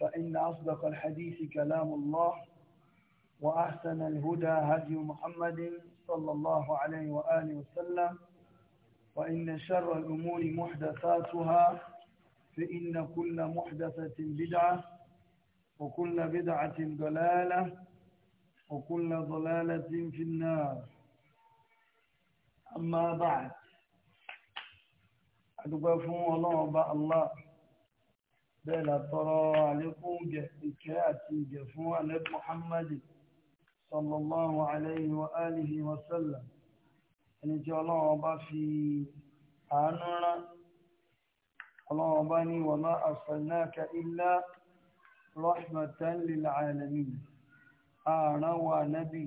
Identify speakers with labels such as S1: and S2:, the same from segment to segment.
S1: فإن أصدق الحديث كلام الله وأحسن الهدى هدي محمد صلى الله عليه وآله وسلم وإن شر الأمور محدثاتها فإن كل محدثة بدعة وكل بدعة ضلالة وكل ضلالة في النار أما بعد أدبفوا الله الله bẹ́ẹ̀ la tọrọ àlékún ìkẹ́ àti ìgẹ̀ fún alẹ́ muhammadu sallallahu alayhi wa alihi wa sallam ẹni tí ọlọ́run bá fi àánú rán ọlọ́run bá ní wa ma arsalnaka illa rahmatan lil ààrán wa nábì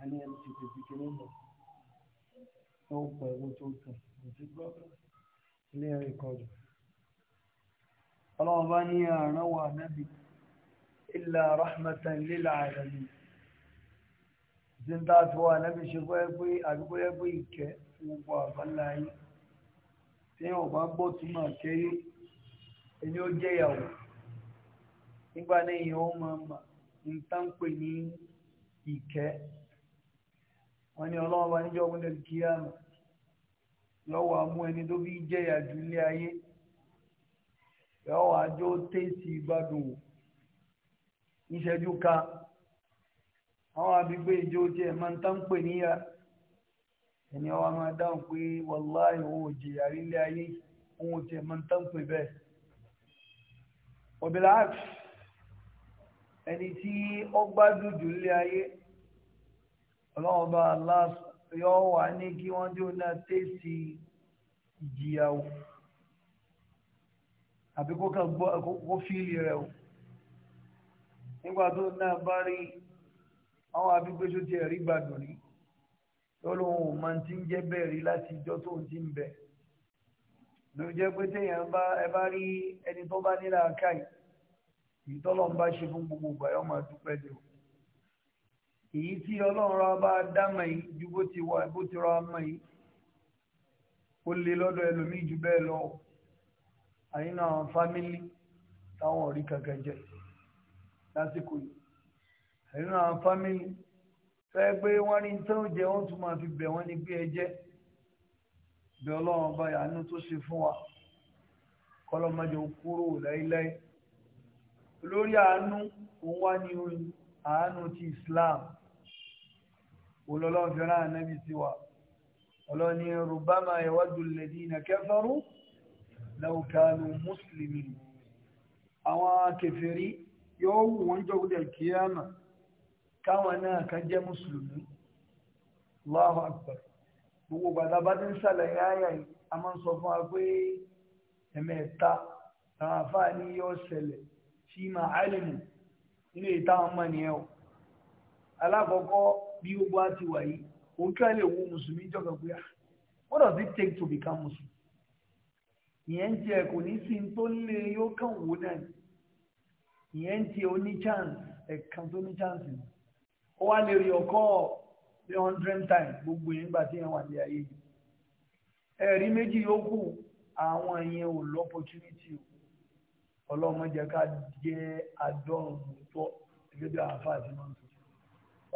S1: ẹni ẹni tí kò fi kéré lọ ó pẹ̀lú tó kàn ilé ẹ̀kọ́ jù ọlọ́wọ́ bá ní àrán wà nábi illa rahmatan lil alamin tí ń tàà tó wà nábi ṣe kọ́ ẹgbẹ́ àdúgbò ẹgbẹ́ ìkẹ́ gbogbo àbálá yìí tí wọ́n bá gbọ́ túmọ̀ kéré ẹni ó jẹ́ ìyàwó nígbà náà ó máa mà ń tán pè ní ìkẹ́ wọ́n ní ọlọ́wọ́ bá níjọ́ gbọ́dọ̀ kíyàmù lọ́wọ́ amú ẹni tó fi jẹ́yà jù ilé ayé lọ́wọ́ àjọ tẹ́sí ìgbádùn ìṣẹ́jú ka àwọn àbígbé ìjọ tí ẹ̀ máa ń tán pè níyà ẹni ọwọ́ máa dáhùn pé wàláì òun ò jìyà rí ilé ayé òun tí ẹ̀ máa ń tán pè bẹ́ẹ̀ ọ̀bẹ̀lá ẹni tí ó gbádùn jù ilé ayé ọlọ́wọ́ bá aláàsù yọ wà ní kí wọ́n jó náà tẹ̀sí àbí kó kàn kó fíìlì rẹ̀ o nígbà tó náà bá rí àwọn abígbésó ti rí gbàdùn ní lọ́lọ́hún ò máa ti ń jẹ́ bẹ́ẹ̀ rí láti ìjọ tó ń ti ń bẹ̀ jẹ́ pé téèyàn bá ẹ bá rí ẹni tó bá nílà o. èyí tí ọlọ́run rọ bá dámọ̀ yìí ju bó ti bó ti yìí ó lé lọ́dọ̀ ẹlòmíì ju bẹ́ẹ̀ lọ àyínà àwọn fámílì táwọn ò rí kankan jẹ lásìkò yìí àyínà àwọn fámílì fẹ́ gbé wọ́n rí tán jẹ wọ́n tún máa fi bẹ̀ wọ́n ní gbé ẹjẹ́ ọlọ́run tó ṣe fún wa kúrò láíláí olórí àánú òun wá ní àánú ti Islam. olọ́lọ́n fi rán ànábì sí wa ọlọ́ni rubama yawaddu alladhina kafaru law kanu muslimin àwọn kèfèrí yóò wù wọ́n jọ́gbọ́dẹ̀ kíyàmà káwọn náà kan jẹ́ mùsùlùmí Allahu akbar gbogbo gbàdá bá ti ń ṣàlàyé àyà yìí a máa ń sọ fún wa pé ẹ̀mẹ́ta àwọn àfáàní yóò ṣẹlẹ̀ sí máa álìmù nínú ìtàn ọmọ nìyẹn o alákọ̀ọ́kọ́ bí gbogbo á ti wà yìí òun kí wo mùsùlùmí jọ̀gàn pé ah, what does it take to become muslim ìyẹn ń tiẹ̀ kò ní sí tó lé yóò kàn wò náà ìyẹn ń tiẹ̀ oní chance ẹ̀kan tó ní chance ni ó wá lè rí ọkọ three hundred times gbogbo yẹn nígbà tí yẹn wà ní ayé yìí ẹ̀rí méjì yòókù àwọn yẹn ò lọ́pọ̀tunítì o ọlọ́mọ ká jẹ́ adọ́rùn-ún tọ́ gẹ́gẹ́ bí àáfàá ti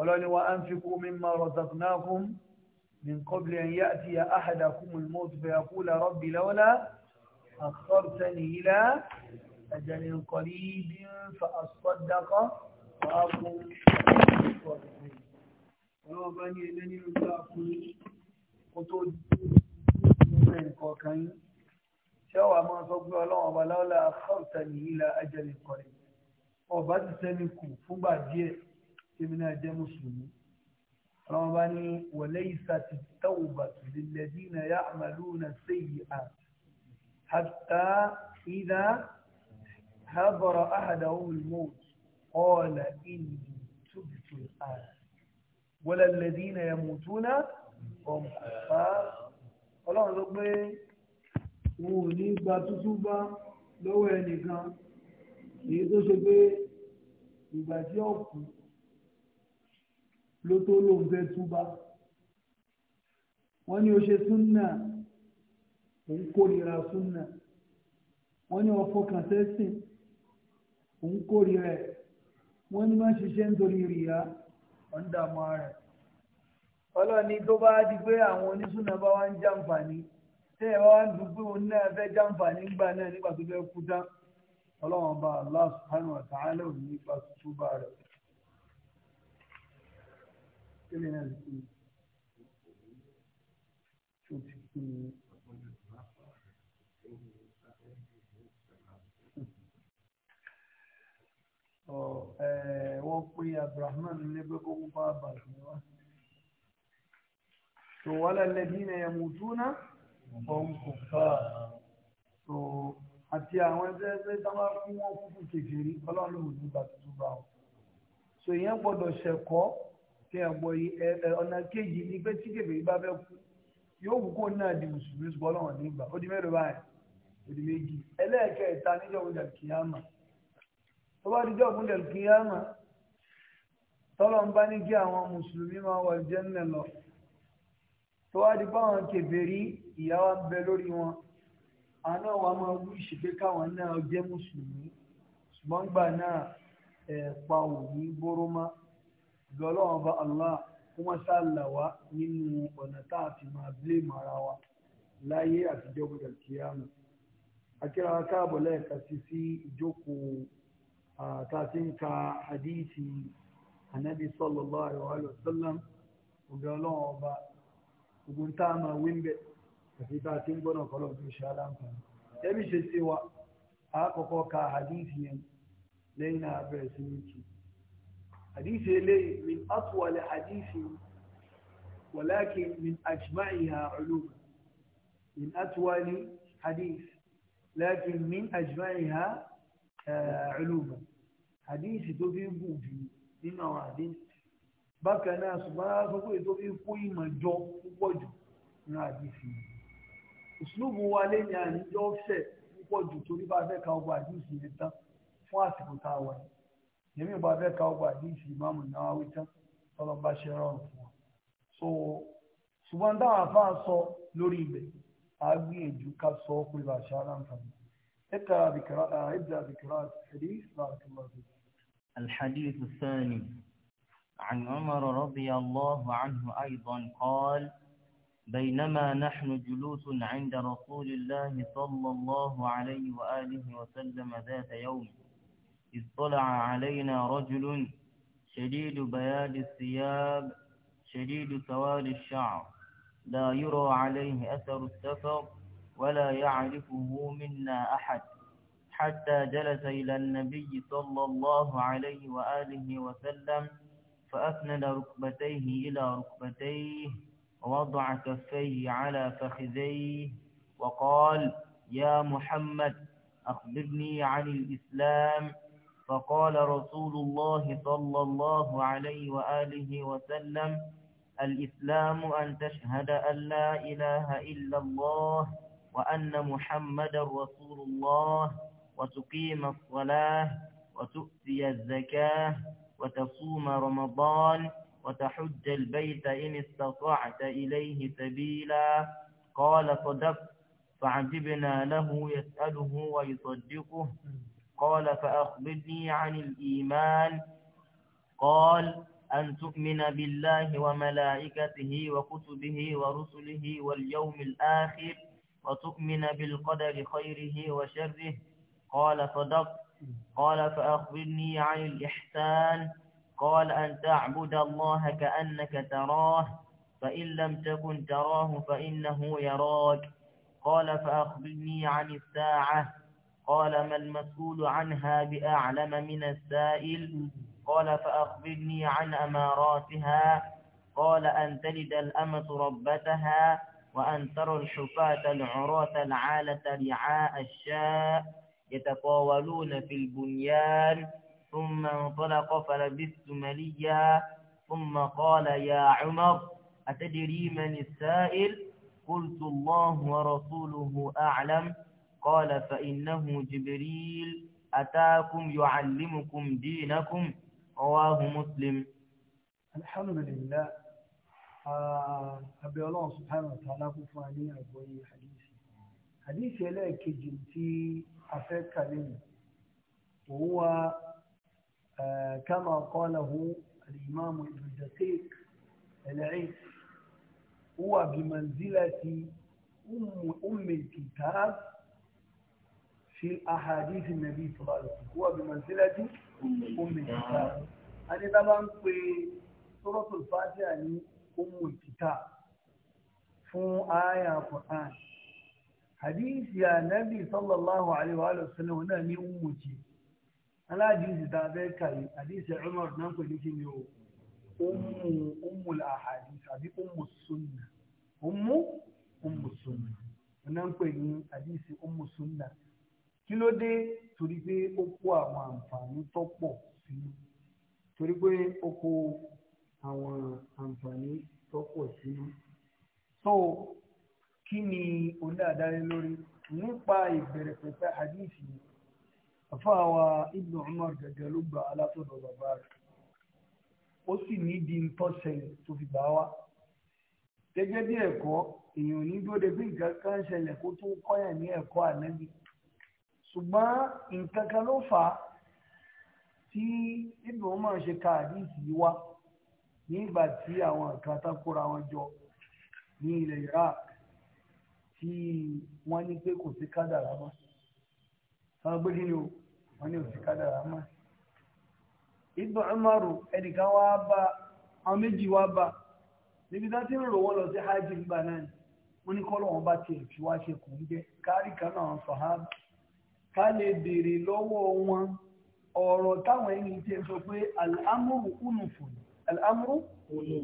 S1: ọlọ́ni wa anfiqu mimma razaqnakum min qabli an ya'tiya ahadakumul mawtu fayaqula rabbi lawla akhartani ila ajalin qaribin fa asaddaqa wa akun ọlọ́wọ́ bá ní ẹgbẹ́ nínú tó àkùnrin kó tó dúró nǹkan kan yín ṣé wàá máa sọ pé ọlọ́wọ́ bá lawla akhartani ila ajalin qaribin ọba ti sẹ́ni kù fúngbà díẹ̀ tèmi náà jẹ́ mùsùlùmí ọlọ́run bá ní walaysat at-tawbatu lilladhina ya'maluna as-sayyi'at hatta idha hadara ahadahum al-mawt qala inni tubtu al-an wala alladhina yamutuna wa hum kuffar ọlọ́run ló pé wọn ò ní gba tuntun bá lọ́wọ́ ẹnìkan èyí tó ṣe pé ìgbà tí ó kù ló tó lóun fẹ́ túbá wọ́n ní o ṣe súnà òun kórìíra súnà wọ́n ní ọ̀fọ́ kan sẹ́sìn òun kórìíra ẹ̀ wọ́n ní má ṣiṣẹ́ nítorí rìyà ọ̀ndàmú rẹ̀ ọlọ́ni tó bá di pé àwọn onísúnà bá wá ń jàǹfààní tẹ́ ẹ bá wá ń dùn pé òun náà fẹ́ jàǹfààní gbà náà nígbà tó fẹ́ kú tán ọlọ́run bá Allah subhanahu wa ta'ala òun nípa túbà rẹ̀ kílẹ̀ náà lè fún mi. tó ti kí ni. ọ ẹ wọ́n pe Abdulrahman ní pé kó kó bá bàtà wá. tó wàhálà lẹ́bí náà yẹ mú túná ọ̀hún kò fà tó àti àwọn ẹgbẹ́ ẹgbẹ́ dáwà fún wọn kúkú kékeré ọlọ́run ò ní gbà tuntun bá wọn. sọ èèyàn gbọ́dọ̀ ṣẹ̀kọ́ tẹ ẹ̀bọ ọ̀nà kejì ni pé tí kébèrè bá fẹ́ kú yóò wù kó náà di mùsùlùmí ṣùgbọ́n náà ní ìgbà ó di mẹ́rin báyìí ó di méjì ẹlẹ́ẹ̀kẹta níjọ́ ògùn kìyàmà tó bá dijọ́ ògùn kìyàmà tọ́lọ̀ ń bá ní kí àwọn mùsùlùmí máa wọ Jánnà lọ tó wá di báwọn kébèrè ìyàwó ń bẹ lórí wọn àwọn náà máa wú ìṣèké káwọn náà jẹ́ mùsùlùmí ṣùgbọ́n gbà náà ẹ̀ẹ̀pa òní bóró máa ìgbọ́lọ́wọ́n bá Allah kó má ṣàlà wá nínú ọ̀nà tá a fi máa blé mara wa láyé àtijọ́ gbọdọ̀ kíámù akíra káàbọ̀ lẹ́ẹ̀ka sí sí ìjókòó tá a ti ń ka hadithi anabi sallallahu alaihi wa sallam ìgbọ́lọ́wọ́n ọba ogun tá a máa àti tá ti ń gbọ́nà kọ́lọ̀ tó ṣe aláǹfààní ẹbí ṣe ṣe wa àkọ́kọ́ ka hadithi yẹn lẹ́yìn náà bẹ̀rẹ̀ sí ní kìí hadisi eléyìí min atwal hadisi walakin min ajma'iha ulum min atwal hadisi lakin min ajma'iha eh, ulum hadisi tó fi gùn jù nínú àwọn hadisi bákan náà ṣùgbọ́n a sọ pé tó fi kó ìmọ̀ jọ púpọ̀ jù ní hadisi ìṣlúbù wa lé ní àníjọ́ fẹ̀ púpọ̀ jù torí bá fẹ́ ka ọgbà hadisi yẹn tán fún àsìkò tá a wà yìí. èmi bá bẹ́ẹ̀ ká ọgbà àdíṣì ìmáàmù Nawawi tán tọ́lọ́ bá ṣe rọrùn fún wa so ṣùgbọ́n táwọn afáà sọ lórí ibẹ̀ á gbìyànjú ká sọ ọ́ pé ابدأ بقراءة الحديث بارك الله فيك
S2: الحديث الثاني عن عمر رضي الله عنه أيضا قال بينما نحن جلوس عند رسول الله صلى الله عليه وآله وسلم ذات يوم اطلع علينا رجل شديد بياد الثياب شديد سواد الشعر لا يرى عليه أثر السفر ولا يعرفه منا أحد حتى جلس إلى النبي صلى الله عليه وآله وسلم فأسند ركبتيه إلى ركبتيه ووضع كفيه على فخذيه وقال يا محمد أخبرني عن الإسلام فقال رسول الله صلى الله عليه وآله وسلم الإسلام أن تشهد أن لا إله إلا الله وأن محمد رسول الله وتقيم الصلاة وتؤتي الزكاة وتصوم رمضان وتحج البيت إن استطعت إليه سبيلا قال صدقت فعجبنا له يسأله ويصدقه قال فأخبرني عن الإيمان قال أن تؤمن بالله وملائكته وكتبه ورسله واليوم الآخر وتؤمن بالقدر خيره وشره قال صدقت قال فأخبرني عن الإحسان قال أن تعبد الله كأنك تراه فإن لم تكن تراه فإنه يراك قال فأخبرني عن الساعة قال ما المسؤول عنها بأعلم من السائل قال فأخبرني عن أماراتها قال أن تلد الأمة ربتها وأن ترى الحفاة العراة العالة رعاء الشاء يتطاولون في البنيان ثم انطلق فلبثت مليا ثم قال يا عمر أتدري من السائل قلت الله ورسوله أعلم قال فإنه جبريل أتاكم يعلمكم دينكم رواه مسلم الحمد لله
S1: أبي الله سبحانه وتعالى فاني أبوي حديثي حديثي لك جنتي أفكر لي وهو كما قاله الإمام ابن دقيق العيد هو بمنزلة أم, أم الكتاب في أحاديث النبي صلى الله عليه وسلم هو بمنزلة أم الكتاب أنا طبعا في سورة الفاتحة يعني أم الكتاب فو آية قرآن حديث يا نبي صلى الله عليه وآله وسلم هنا ني أم أنا حديث ذلك حديث عمر نانكو لكي أم أم الأحاديث هذه أم السنة أم أم السنة نانكو حديث أم السنة kí ló dé torí pé ó kó àwọn àǹfààní tó pọ̀ sínú torí pé ó kó àwọn àǹfààní tó pọ̀ sínú. so kí ni onídàádáre lórí nípa ìbẹ̀rẹ̀ pẹ̀pẹ̀ hadith yìí àfáàwà ibn umar gàgà ló gba alátọ̀dọ̀ bàbá rẹ̀ ó sì nídìí ń tọ́sẹ̀lẹ̀ tó fi bá wa gẹ́gẹ́ bí ẹ̀kọ́ èèyàn ní dúró de bí nǹkan kan ṣẹlẹ̀ kó tó kọ́yàn ní ẹ̀kọ́ ànábì ṣùgbọ́n nǹkan kan ló fà á tí ibùdó máa ṣe ka àdìsí wá nígbà tí àwọn kan takora wọn jọ ní ilẹ̀ Iraq tí wọ́n ní pé kò sí kádàrá mọ́ sọ pé kí ni o wọ́n ní kò sí kádàrá mọ́ ibùdó Umaru ẹnìkan wá bá àwọn méjì wá bá níbi tá ti ń rò wọ́n lọ sí hajj nígbà náà ni wọ́n ní kọ́ lọ́wọ́n bá tiẹ̀ fi wá ṣe kò ń jẹ́ kárí náà sọ̀hábà. ká lè béèrè lọ́wọ́ wọn ọ̀rọ̀ táwọn ẹni tí ń sọ pé al'amuru unufun al'amuru ọ̀rọ̀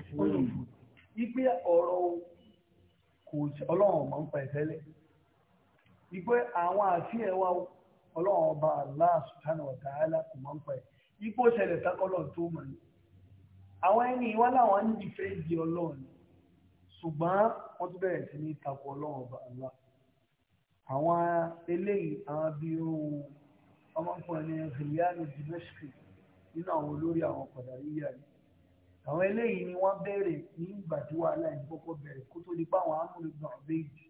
S1: kò ọlọ́run ọmọ ń pa àwọn àfihàn wa ọlọ́run ọba Allah subhanahu kò mọ́ ń pa ipò tákọ́lọ̀ tó mọ̀ ṣùgbọ́n wọ́n àwọn eléyìí àwọn bíi ohun ọmọkùnrin ní fìlíánù dimashki nínú àwọn olórí àwọn kọ̀dàríyà ni àwọn eléyìí ni wọ́n bẹ̀rẹ̀ ní ìgbà tí wàhálà yìí kọ́kọ́ bẹ̀rẹ̀ kó tó di pa àwọn amúlùgbọ̀n àbẹ́jì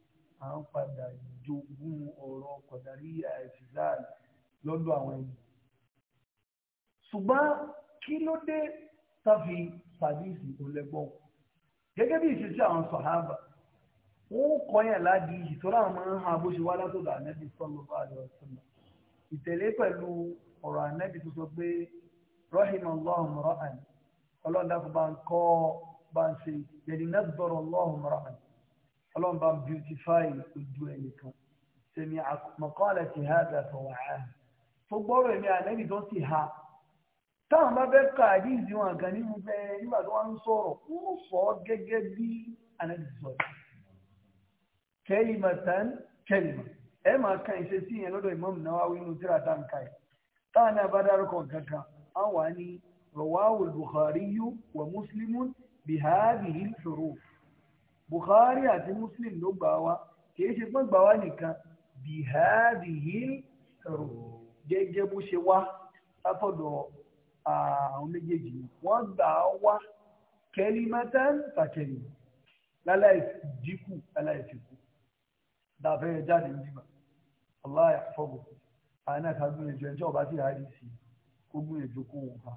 S1: àwọn padà jogún ọ̀rọ̀ kọ̀dàríyà ìfìlíánù lọ́dọ̀ àwọn ẹni. ṣùgbọ́n kí ló dé tàbí sàdíìsì olẹ́gbọ́n gẹ́gẹ́ bí ìṣesí àwọn sàhábà wọ́n kọ́yàn láti ìyí tó láwọn máa bó ṣe wá látọ̀dọ̀ ànẹ́bí sọ́lọ́bà àdìọ́sọ́lọ́ ìtẹ̀lé pẹ̀lú ọ̀rọ̀ ànẹ́bí tó sọ pé rọ́hìmọ̀ lọ́hùn rọ́hàn ọlọ́run dákun bá ń kọ́ bá ń ṣe yẹ̀dì nẹ́gbọ̀rọ̀ lọ́hùn rọ́hàn ọlọ́run bá ń beautify ojú ẹni kan sẹ́mi mọ̀kànlẹ̀ ti ha dàtọ̀ wàá tó gbọ́rọ̀ èmi ànẹ́bí tó ti ha táwọn bá fẹ́ kẹ́lìmọ̀tán kẹ́lìmọ̀ ẹ máa ka ìṣe sí yẹn lọ́dọ̀ Imam Nawawi nínú tíra táǹkà yìí táwọn náà bá dárúkọ kankan á wà ní rawahu Bukhariyu wa Muslimun bihadihi al-huruf Bukhari àti Muslim ló gbà wá kìí ṣe pọ́n gbà wá nìkan bihadihi al-huruf bó ṣe wá látọ̀dọ̀ àwọn méjèèjì wọ́n gbà wá kẹ́lìmọ̀tán kẹ́lìmọ̀ láláì dínkù láláì dínkù. dàbẹ́ jáde nígbà Allah àfọ́gùn àìná ká gbìyànjú ẹjọ́ ọba tí ìhádìí sí kó gbìyànjú kó ha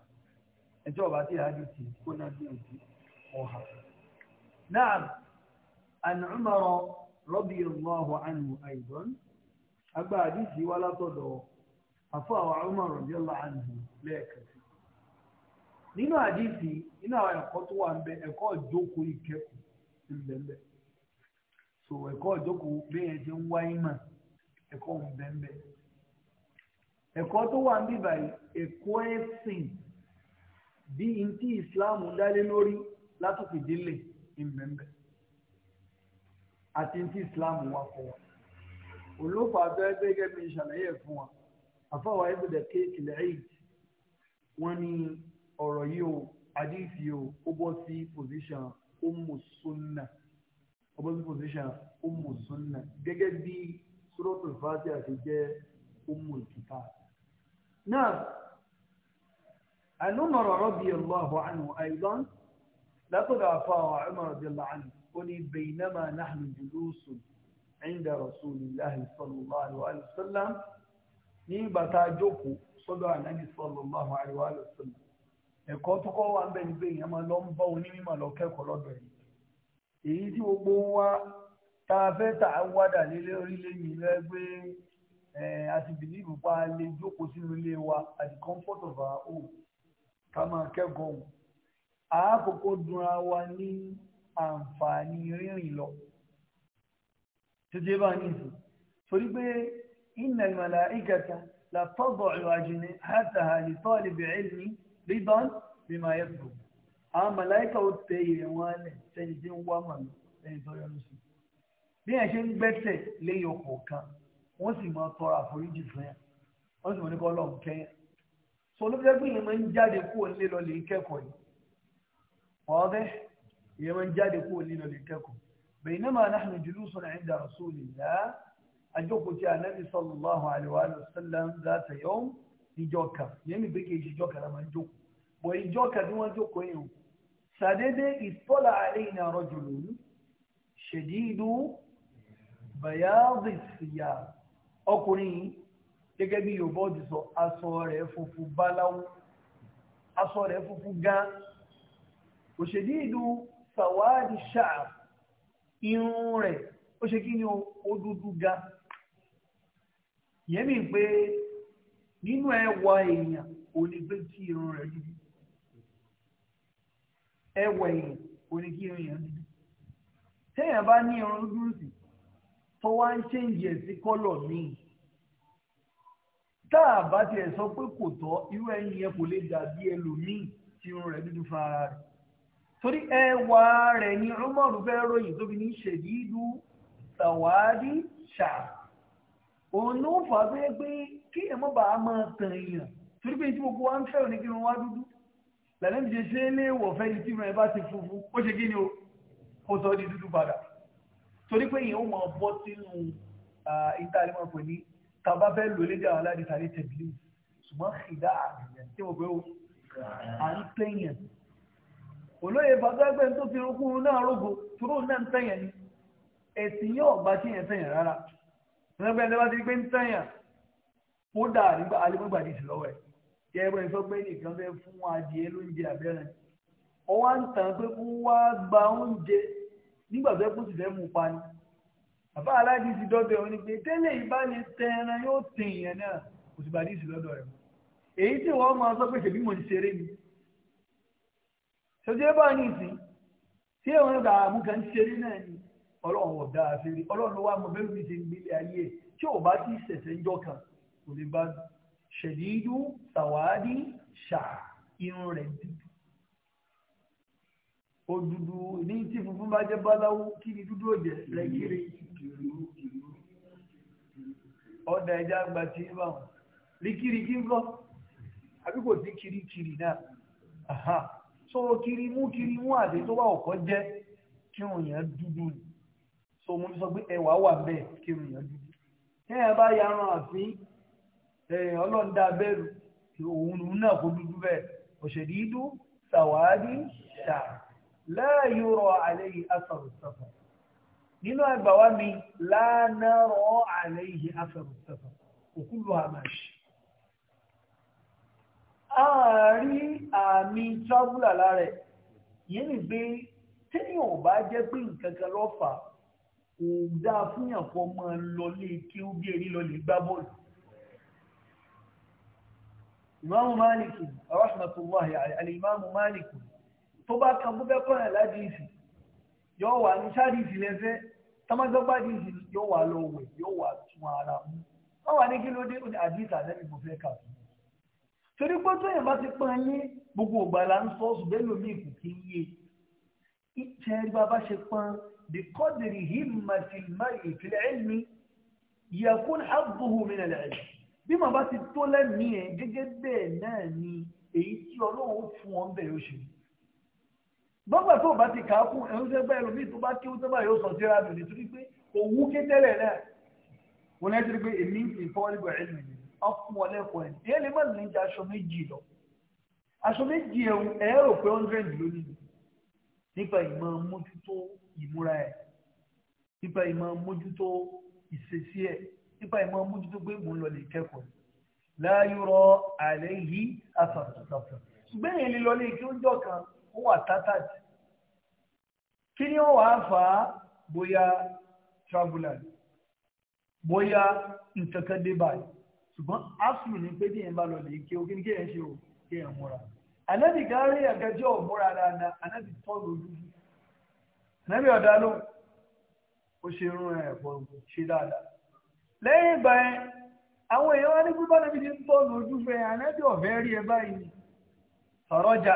S1: ẹjọ́ ọba tí ìhádìí sí kó náà ha. Naam, an Umar radiyallahu anhu aydan agbá àdìsí wa látọ̀dọ̀ àfọ́ àwọn Umar radiyallahu anhu lẹ́ẹ̀kan sí. àwọn ẹ̀kọ́ tó wà ń bẹ ẹ̀kọ́ ìjókòó so ẹ̀kọ́ ìjókòó bẹ́ẹ̀ ti ń wáyé mà ẹ̀kọ́ òun bẹ́ẹ̀ ẹ̀kọ́ tó wà ń bíbà yìí ẹ̀kọ́ ẹ̀sìn bí n tí ìsìláàmù dálé lórí látòkè délé ń bẹ́ẹ̀ àti n tí ìsìláàmù wà fún wa olófò abẹ́rẹ́ gẹ́gẹ́ bí ìṣàlàyé ẹ̀ fún wa àfọwọ́ ẹ̀bùdẹ̀ kéèkì lẹ́yìn wọ́n ní ọ̀rọ̀ yìí o àdìsí o ó bọ́ sí pòsíṣàn ó mú sunnah opposite position ummu sunna gẹ́gẹ́ bí suratul fatiha ti jẹ́ ummu kitab. náà Umar radiyallahu anhu aydan látọ̀dọ̀ àfa Umar radiyallahu anhu ó ní baynama nahnu julusun inda rasulillahi sallallahu alayhi wa sallam ní bàtà jókòó sọ́dọ̀ ànábì sallallahu alayhi wa sallam ẹ̀kọ́ tó kọ́ wa ń bẹ ní pé èèyàn máa lọ ń bá èyí tí gbogbo wa tá a fẹ́ tà á wádà nílé orílẹ̀ yìí lọ pé àti bìlíìfù pa lè jókòó sínú ilé wa at the comfort of our home ká máa kẹ́kọ̀ọ́ wọn àákòókò dunra wa ní àǹfààní rírìn lọ títí bá ní ìsìn torí pé inna al-mala'ikata la tad'u ajnihataha li talibi ilmi ridan bima yatlub àwọn màláìkà ó tẹ ìrẹ̀ wọn lẹ̀ sẹ́ni tí ń wá màlú ẹni tó yọnu sí bí yẹn ṣe ń gbẹ́sẹ̀ lẹ́yìn ọkọ̀ kan wọ́n sì máa tọrọ àforíjì fún yẹn wọ́n sì mọ̀ nípa ọlọ́run kẹ́yìn so ló fi jẹ́ pé ìyẹn máa ń jáde kúrò nílé lọ lè kẹ́kọ̀ọ́ yìí ọ̀ọ́dẹ́ ìyẹn máa ń jáde kúrò nílé lọ lè kẹ́kọ̀ọ́ sàdédé ìtọ́lá àríyìn rọ́jùlù ṣèdídú bayáàbì síyà ọkùnrin gẹ́gẹ́ bí yorùbá ọdí sọ aṣọ rẹ̀ funfun báláwú aṣọ rẹ̀ funfun gan òṣèdídú sàwádìí ṣáà irun rẹ̀ ó ṣe kí ni ó dúdú gan yẹ́mì pé nínú ẹwà èèyàn ò ní gbé tí irun rẹ̀ dúdú ẹwà èèyàn kò ní kí irun èèyàn dúdú téèyàn bá ní irun dúdú sí tó wá ń ṣèǹjì ẹ̀ sí kọ́lọ̀ míì tá a bá tiẹ̀ sọ pé kò tọ́ irú ẹyin yẹn kò lè dàbí ẹlòmíì tí irun rẹ̀ dúdú fún ara rẹ̀ torí ẹwà rẹ̀ ni Umaru fẹ́ ròyìn tóbi ní ṣèdídú tàwádìí ṣáà òun ló fà á pé pé kí èèmọ̀ bá a máa tàn èèyàn torí pé tí gbogbo wa ń fẹ́ òní kí irun wá dúdú lẹ́nàmì ṣe ṣe lé wọ̀fẹ́ ní tíran ẹ bá ti funfun ó ṣe kí ni o ó sọ di dúdú padà torí pé èèyàn ó máa bọ́ sínú ìtàlímọ̀ pè ní tàbá fẹ́ lò lédè àwọn aládìí tàbí tẹ̀bílì ṣùgbọ́n ṣìdá àgbẹ̀yàn tí mo pé ó à ń tẹ̀yàn olóyè bàgbẹ́gbẹ́ tó fi rúkú náà rògbò ni ẹ̀sìn yóò gbà tí yẹn tẹ̀yàn rárá ẹgbẹ́ ẹgbẹ́ bá ti rí kẹ́ẹ̀bọ̀ ìfọ́pẹ́ nìkan fẹ́ fún adìẹ lóúnjẹ abẹ́rẹ́ ọ wá ń tàn pé kó wá gba oúnjẹ nígbà tó kó sì fẹ́ mú pa ni bàbá aláàjì ti dọ́dọ̀ ẹ̀ ní pé tẹ́lẹ̀ ìbáni tẹran yóò tẹ̀ yẹn náà kò sì bàdí ìsì lọ́dọ̀ rẹ̀ èyí tí wọ́n máa sọ pé ṣèbí mo ti ṣeré ni ṣojú bá ní ìsìn tí èèyàn gbà mú kan ti ṣeré náà ni ọlọ́run ọ̀dà àfẹ́rẹ́ ọlọ́run ló wá mọ bẹ́ẹ̀ mi ti ń gbélé ayé tí ò bá ti ṣẹ̀ṣẹ̀ ń kan kò lè bá ṣèdíjú sàwádìí ṣáà irun rẹ̀ dúdú ó dúdú ní tí funfun bá jẹ́ báláwú kí ni dúdú ò jẹ́ lẹ́kìrì ọ̀dà ẹja àgbà tí ń bá wọn líkìrì kí ń sí kirikiri náà so kiri mú kiri mú àti tó bá ọ̀kọ́ jẹ́ kí òun yẹn dúdú so mo sọ pé ẹwà wà bẹ́ẹ̀ kí òun yẹn dúdú tẹ́yà bá yaran àfin Eh, ọlọ́run dá bẹ́ẹ̀rù òun náà kò dúdú bẹ́ẹ̀ òṣèlú ìdú sàwádí ṣà láàyò rọ àlẹ́ yìí asọ̀rọ̀ sọ̀fọ̀ nínú àgbàwá mi lánàárọ̀ àlẹ́ yìí asọ̀rọ̀ sọ̀fọ̀ òkú lu àmàṣì. ààrí àmì tábùlà lára yẹn ni pé téèyàn ò bá jẹ́ pé nǹkan lọ́fà kò dáa fún yàn kó máa lọ lé kí ó bí eré lọ lè gbá bọ́ọ̀lù ìmáàmù máàlìkì rahmatullahi alìmáàmù máàlìkì tó bá kan bó bẹ́ẹ̀ kọ́nà ládìsì yóò wà ní sádìsì lẹ́fẹ́ tọ́mọ́gbọ́gbà dìsì yóò wà lọ wẹ̀ yóò wà tún ara mú wọ́n wà ní kí ló dé ó ní àdìsà lẹ́bi mo fẹ́ kà fún un. torí pé tó yẹn bá ti pọ́n ní gbogbo ògbà là ń sọ ọ̀sùn bẹ́ẹ̀ lómi ìkù kí yé ìtẹ́ rí bá bá ṣe pọ́n bí kọ́dìrì hìmàtìmáì ìfìlẹ̀ ẹ̀mí yẹ kún àbúhù mi nàlẹ́ ẹ̀mí bí màá bá ti tó lẹ́mìí ẹ̀ gẹ́gẹ́ bẹ́ẹ̀ náà ni èyí tí ọlọ́run ó fún wọn bẹ̀rẹ̀ oṣù gbọ́gbà tó bá ti kà á fún ẹ̀rú sẹ́gbẹ́ ẹlòmíì tó bá kí ó sábà yóò sọ sí ra dùn nítorí pé òwú ké tẹ́lẹ̀ náà wọn náà ti rí pé èmi ń fi fọwọ́ nígbà ẹ̀lú mi ọkùn wọn lẹ́kọ̀ọ́ ẹ̀ díẹ̀ lè má ní ju aṣọ méjì lọ aṣọ méjì ẹ̀hún ẹ̀ rò pé hundred lónìí nípa ìmọ̀ mójútó ìmúra ẹ̀ nípa ìmọ̀ mójútó ìṣesí ẹ̀ nípa ìmọ̀ mójútó pé mò ń lọ lè kẹ́kọ̀ọ́ láyúrọ àlẹ́ yìí afàtàtàfà ṣùgbọ́n èyí lè kí ó kan ó wà tátàtì kí ni ó wà á fà á bóyá traveler bóyá ṣùgbọ́n ní pé bá lọ lè kí kí ni kí ṣe o kí ẹ̀ múra òmúra dáadáa tọ́lù ló lẹ́yìn ìgbà yẹn àwọn èèyàn wá ní bí bọ́lá bí ti ń bọ́ lójú fẹ́ ànábì ọ̀fẹ́ rí ẹ báyìí fọ̀rọ̀jà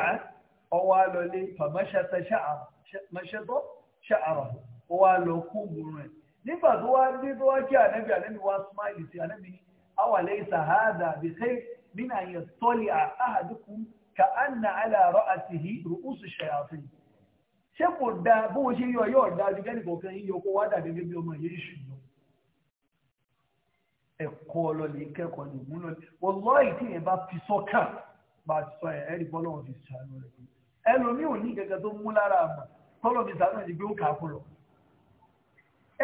S1: ọwọ́ àlọ́lé fàmáṣàtà ṣàárọ̀ ṣàárọ̀ ọwọ́ àlọ́ kó gbùrùn ẹ̀ nígbà tó wá dé tó wá kí ànábì ànábì wá smile sí ànábì ní àwọn àlẹ́ ìsàhádà bí xẹ́ nínú àyẹ̀ tọ́lì àhàdùkùn ka anna ala ra'atihi ru'usu shayatin ṣé kò dáa bó ṣe yọ yọ ẹ̀kọ́ ọlọ́lẹ̀ ìkẹ́kọ̀ọ́ ní ìmúlò wọ́n lọ́ọ̀ì tí yẹn bá fi sọ́kà bá sọ ẹ̀ ẹ̀rí bọ́lọ́ wọn fi sàánú rẹ̀ bí ẹlòmíì ò ní gẹ́gẹ́ tó mú lára àmà tọ́lọ̀ fi sàánú rẹ̀ gbé ó kà á fún lọ.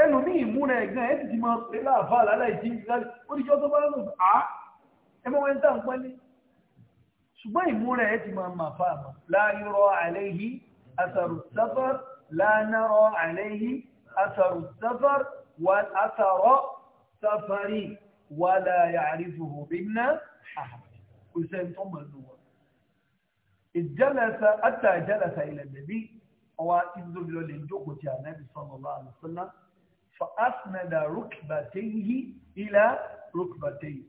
S1: ẹlòmíì ìmúra ẹ̀gán ẹ̀ ti máa pè láàfà láláì tí oníṣẹ́ tó bá lọ à ẹ wọn àtàrọ sáfàrí wàlá ya'rifuhu minna kò sẹ́ni tó mọ̀ nù wọn. ìjálẹ̀sà àtà ìjálẹ̀sà ilẹ̀ bẹ̀bí ọwọ́ ìdúróbìlọ́ lè jókòó ti ànábì sallallahu alaihi wasallam fa asnada rukbatayhi ila rukbatayhi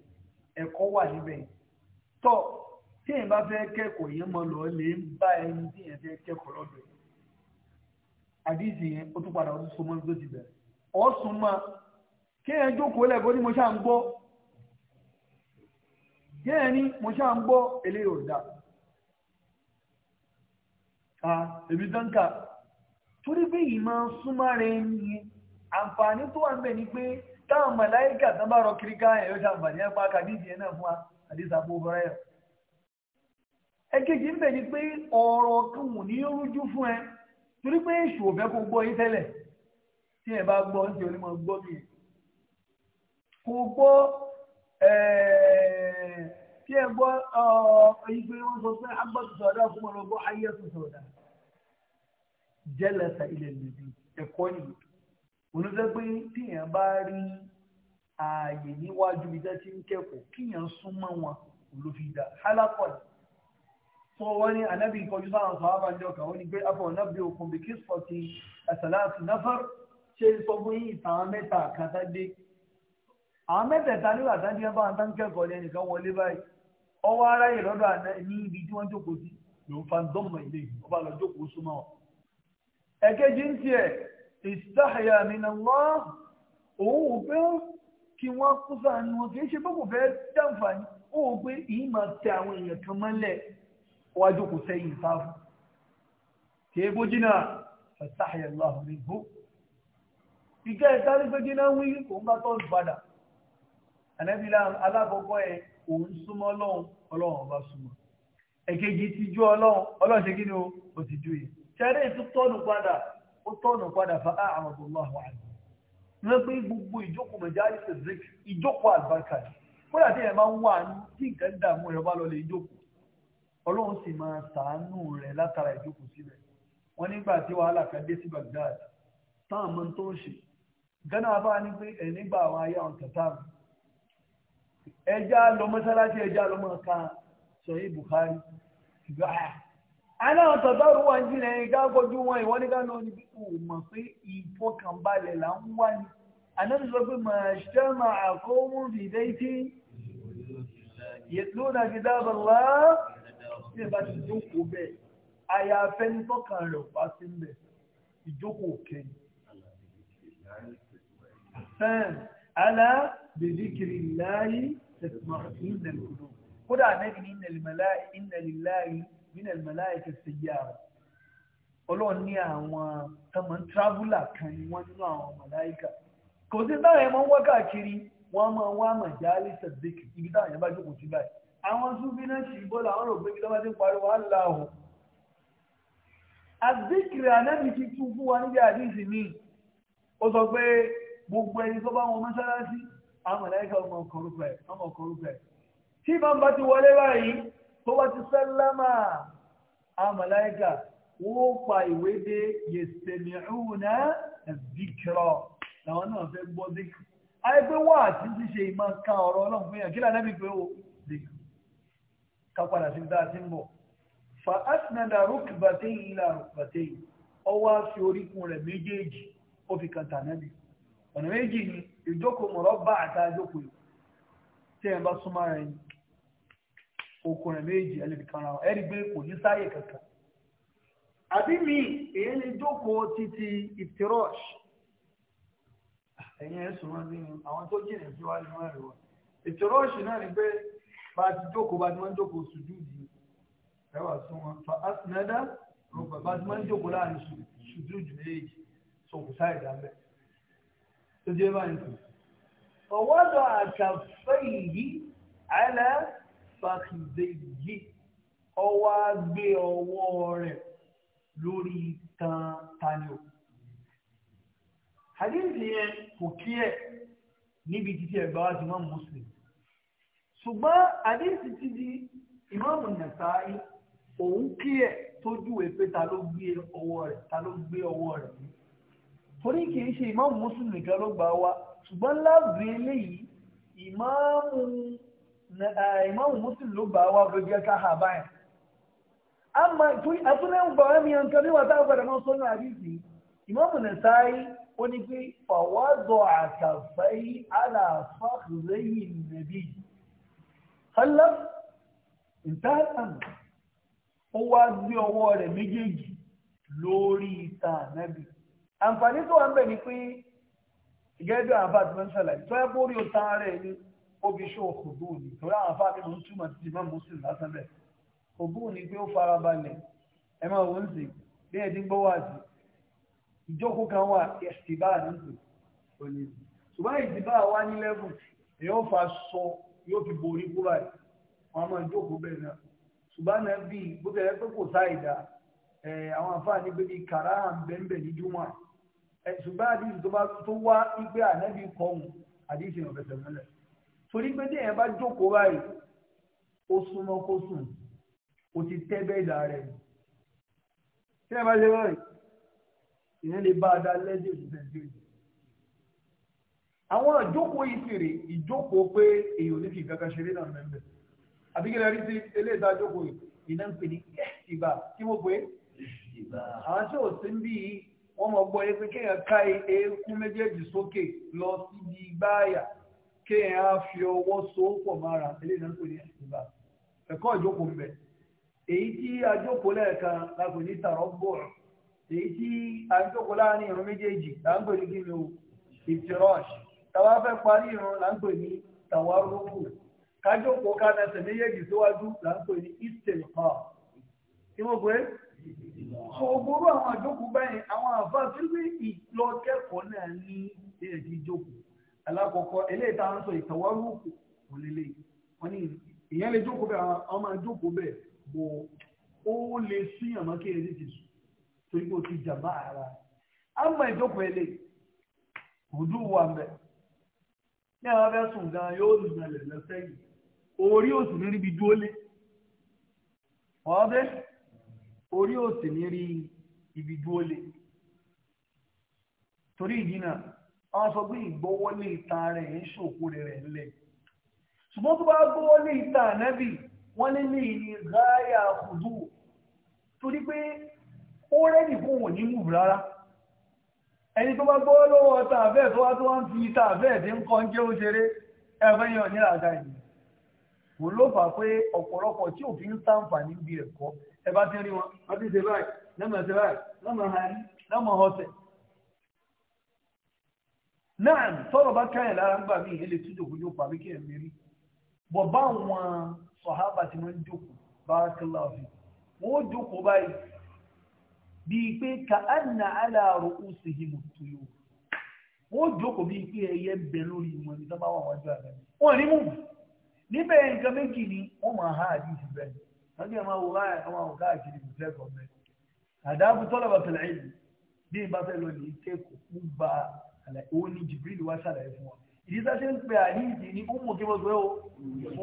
S1: ẹ̀kọ́ wà níbẹ̀ tọ́ tí èèyàn bá fẹ́ kẹ́kọ̀ọ́ yẹn mọ lọ lè ń bá ẹni tí èèyàn fẹ́ kẹ́kọ̀ọ́ lọ́dọ̀ àdìsí yẹn ó tún padà ó tún so mọ́ ní tó ti bẹ̀rẹ̀ ọ̀ kéèyàn jókòó lẹ́gbọ́n ní mo ṣáà ń gbọ́ kéèyàn ní mo a èmi dáńkà torí bí ìmọ̀ súnmọ́ rẹ̀ ni àǹfààní tó wà ń bẹ̀ ni pé táwọn màláìkà tán bá rọ kiri ká ẹ̀yọ́ ṣàǹfààní ẹ̀pá kàdídì fún pé ọ̀rọ̀ ní rújú fún ẹ kò gbọ́ kí eh, ẹ gbọ́ ìgbé wọn sọ pé agbọ́sọ̀dá fún ọlọ́gbọ́ ayé sọ̀dá jẹ́lẹ̀sà ilẹ̀ lòdì ẹ̀kọ́ nìyí onífẹ́ pé tíyàn bá rí ààyè níwájú ibi tí ń kẹ́kọ̀ọ́ kíyàn súnmọ́ wọn olófin dá alápọ̀ tó wọ́n ní anábì ìkọjú sáwọn sọ àbájọ kan wọ́n ní pé afọ anábì òkun bí kí sọ ti àṣàlá àti ṣe sọ fún yín ìtàn mẹ́ta kan dé àwọn mẹ́tẹ̀ẹ̀ta nígbà tán jẹ́ bá ń tán ní ẹnìkan wọlé báyìí ọwọ́ aráyè lọ́dọ̀ àná ní ibi tí wọ́n jókòó sí ló fa ń ilé yìí ọba lọ jókòó súnmọ́ ọ. ẹ̀kejì ń tiẹ̀ ìsítáhàyà min Allah òun ò pé kí wọ́n kú wọn kì í ṣe jàǹfààní ó wò pé máa tẹ àwọn èèyàn kan mọ́lẹ̀ wá jókòó sẹ́yìn sáfù. ànábì alákọ̀ọ́kọ́ ẹ̀ òun súnmọ́ ọlọ́run ọlọ́run ọba súnmọ́ ẹ̀kejì ti ju ọlọ́run ọlọ́run ṣe kí ni o ti ju yìí ṣẹ́rẹ́ tó tọ́nù padà ó tọ́nù padà fa àwọn ọmọ àwọn àgbẹ̀ wọ́n pé gbogbo ìjókòó mẹ́jọ ìṣẹ̀dẹ̀k ìjókòó àlùbáríkà kódà tí ẹ̀ máa ń wà tí nǹkan dààmú rẹ̀ bá lọ lè jókòó ọlọ́run sì máa sàánú rẹ̀ látara ìjókòó sílẹ̀ wọ́n nígbà tí wàhálà kan dé sí Baghdad táwọn ọmọ tó ń ṣe Ghana bá ní pé ẹ̀ nígbà àwọn ayé àwọn tàtàrù ẹja lọ mọ́sálásí ẹja lọ mọ́ ká sọ̀yìn Bukhari ṣùgbọ́n aláwọn ah, tọ̀tọ̀ rú wọn jí lẹ́yìn ká kojú wọn ìwọ́n ní kánú ní kí o mọ̀ pé ìfọkànbalẹ̀ là ń wá ní anábì sọ pé màá ṣẹ́ máa kó mú fìdé tí lónà kìtàbà lá ní ìbá ti jókòó bẹ́ẹ̀ àyàfẹ́ ní tọ́kàn rẹ̀ wá sí ń ìjókòó kẹ́yìn bèdíkiri láyé tẹ̀sùmọ̀rún kódà nẹ́bí ní ìnẹ̀lìláyé ìnẹ̀lìláyé kẹsìyà ọlọ́run ní àwọn tọmọ tíráfúlà kan ni wọ́n nínú àwọn màláìkà kò sí táwọn ẹmọ wọ́n káàkiri wọ́n máa wá màjá lè sàdékì ibi táwọn ẹ̀yàn bá jókòó sí báyìí àwọn súnfínà ṣì bọ́lá àwọn rò pé kí lọ́wọ́ ti ń pariwo aláhùn àdíkìrì ànábì ti tún fún wa níbi àdíìsì míì ó sọ pé gbogbo ẹni tó bá wọn mọ́sálásí àmàlẹ́kà ọmọ ọkọ̀rúfẹ́ tí bá ń bá ti wọlé báyìí tó bá ti sẹ́lámà àmàlẹ́kà wọ́n pa ìwé dé yẹ̀sẹ̀mìíràn ẹ̀bìkìrọ̀ làwọn náà fẹ́ gbọ́ díkù àìpé wà tí ti ṣe ìmọ̀ kan ọ̀rọ̀ ọlọ́run fún yàn kí lànà bíi pé ó díkù ká sí dáa tí ń bọ̀ fa asnada rukbatayhi ila rukbatayhi ọwọ́ á fi oríkun ọ̀nà méjì ni ìjókòó mọ̀rọ̀ bá àti yìí tí ẹ̀ bá súnmọ́ ara ẹni okùnrin méjì ẹlẹ́bí kan gbé kò ní sáyè kankan. àbí mi èyí ni jókòó títí ìftirọ́ṣ ẹ̀yìn ẹ̀ wọn nínú àwọn tó jìnnà sí wa nínú ẹ̀rọ ìftirọ́ṣ náà ni pé bá ti jókòó bá tó jẹ́ báyìí kù. ọ̀wọ́dọ̀ àkàfẹ́ yìí àìlẹ́ fàkìdé yìí ọwọ́ á gbé ọwọ́ rẹ̀ lórí tan tanio. hadith yẹn kò kí ẹ̀ níbi títí ẹ̀gbá wa ti máa Muslim ṣùgbọ́n hadith ti di ìmáàmù Nasa'i òun kí ẹ̀ tójú ẹ̀ pé ta ló gbé ọwọ́ rẹ̀ ta ló gbé ọwọ́ rẹ̀ yìí torí kìí ṣe ìmáàmù mùsùlùmí nìkan ló gbà wá ṣùgbọ́n láàbì eléyìí ìmáàmù ìmáàmù eh, mùsùlùmí ló gbà wá ló jẹ́ ká hà báyìí àmà ìtúrí àtúnlẹ̀ ń gbà wá mi yàn kan níwà táwọn padà máa ń sọ́nà àdìsí ìmáàmù Nasa'i ó ní pé fàwọ́dọ̀ àkàfẹ́yí aláfàkìlẹ́yìn nàbí hálà ìtàkàn ó wá gbé ọwọ́ rẹ̀ méjèèjì lórí ìta nàbí àǹfààní tó wà ń bẹ̀ ni pé gẹ́gẹ́ àwọn àti mẹ́rin ṣàlàyé tó yẹ bórí ọ̀tá rẹ̀ ni obì ṣó òkùnkùn òní torí àwọn afá mi mọ̀ ń túmọ̀ sí ìmọ̀ mùsùlùmí lásán bẹ̀ òkùnkùn ni pé ó fara balẹ̀ ẹ máa wọ́n sì bí ẹ̀dí ń gbọ́wọ́ àti ìjókòó kan wà ìtìbá nínú òní ṣùgbọ́n ìtìbá wà ní lẹ́bù èyàn fa sọ yóò fi borí kúrò àì wọn máa jókòó bẹ́ẹ̀ náà ṣùgbọ́n Eh, àwọn àǹfààní pé bíi kàráà ń bẹ́ńbẹ̀ ní júmọ́ eh, ṣùgbọ́n àdìsí tó bá tó wá wípé ànábì kọ̀ọ̀hún àdìsí ìrìn ọ̀fẹ́sẹ̀ mọ́lẹ̀ torí pé tí èèyàn bá jókòó báyìí ó súnmọ́ kó sùn ó ti tẹ́ bẹ́ẹ̀ dà rẹ̀ tí èèyàn bá ṣe báyìí ìyẹn lè bá a dá lẹ́jọ́ ìṣẹ̀ṣẹ̀ sí i àwọn ìjókòó yìí sì rè ìjókòó pé èèyàn ní fi kankan ṣeré náà mẹ́mẹ́ àbíkẹ́lẹ́ rí sí eléyìí tá a jókòó yìí ìná ń pè ní ẹ̀ẹ́dìgbà tí mo pè é àwọn tí ò sí ń bí wọ́n mọ̀ gbọ́ yẹ́ pé kéèyàn ká eékún méjèèjì sókè lọ síbi gbáàyà kéèyàn á fi ọwọ́ so mára eléyìí náà kò ní ìgbà ẹ̀kọ́ ìjókòó la pè ní tààrọ́ bọ̀rọ̀ èyí tí ajókòó láàrin ìrun méjèèjì là ń pè ní kí ni o ìtìrọ́ọ̀ṣì tàwa fẹ́ parí ìrun là ń pè ní kájókòó ká nẹsẹ̀ méjèèjì síwájú là ń pè ògbóró àwọn àjókòó báyìí àwọn àfáà tí wí ìlọkẹ́kọ̀ọ́ náà ní ilé ti jókòó alákọ̀ọ́kọ́ eléyìí ń sọ ìtàwárùkù kò lélẹ̀ wọn ni ìyẹn lè jókòó bẹ́ẹ̀ àwọn máa jókòó bẹ́ẹ̀ bò ó lè sí àmọ́ kí ẹni ti sùn torí pé o ti jàmbá ara àmọ́ ìjókòó eléyìí òdú wà mbẹ́ ní àwọn abẹ́ sùn gan yóò nìyẹn lẹ̀ lọ́sẹ̀ yìí orí òsì níbi dúólé ọ̀ọ́dẹ́ orí ò sì ní rí ibi dúó lè torí ìdí náà àwọn sọ pé ìgbọ́wọ́lé ìta rẹ̀ ń ṣòkú rẹ̀ ńlẹ̀ ṣùgbọ́n tó bá gbọ́wọ́lé ìta ànábì wọ́n lé ní ìní gáyà kùdù torí pé ó rẹ́dì fún òun ní mùbù rárá ẹni tó bá gbọ́ lọ́wọ́ ọta àfẹ́ tó wá tó wá ń fi ìta àfẹ́ tí ń kọ́ ń jẹ́ òṣèré ẹ̀fẹ́ yàn ní àga ìlú kò ló fà pé ọ̀pọ̀lọpọ̀ tí òfin ń sàǹfààní bí ẹ̀kọ́ ẹ bá ti rí wọn wọn ti ṣe báyìí lọ́mọ ṣe báyìí lọ́mọ hàrí lọ́mọ ọ̀sẹ̀. náà sọ̀rọ̀ bá káyàn lára ńgbà mí ilé tí jòkó yóò pa mí kí ẹ̀ mi rí bọ̀ bá sọ̀hábà tí wọ́n ń bá kílá wọ́n ó báyìí bíi ka á nà á láàrọ̀ ó sì yí mo tó yòó wọ́n ó jòkó bíi pé ẹyẹ ń bẹ lórí wọn ní sábà wájú àgbẹ̀ rí mú níbẹ̀ nǹkan méjì ni wọ́n máa lọ́jọ́ ìmọ̀ wò láì àwọn àwọn káàkiri kò sẹ́kọ̀ọ́ mẹ́. àdáàbò tọ́lọ̀ bàtà lẹ́yìn bí n bá fẹ́ lọ lè kẹ́kọ̀ọ́ kú ba òun ni Jibril wá ṣàlàyé fún wa. ìdí sáṣẹ́ ń pè àyíǹdì ní ó mú kí mo gbé o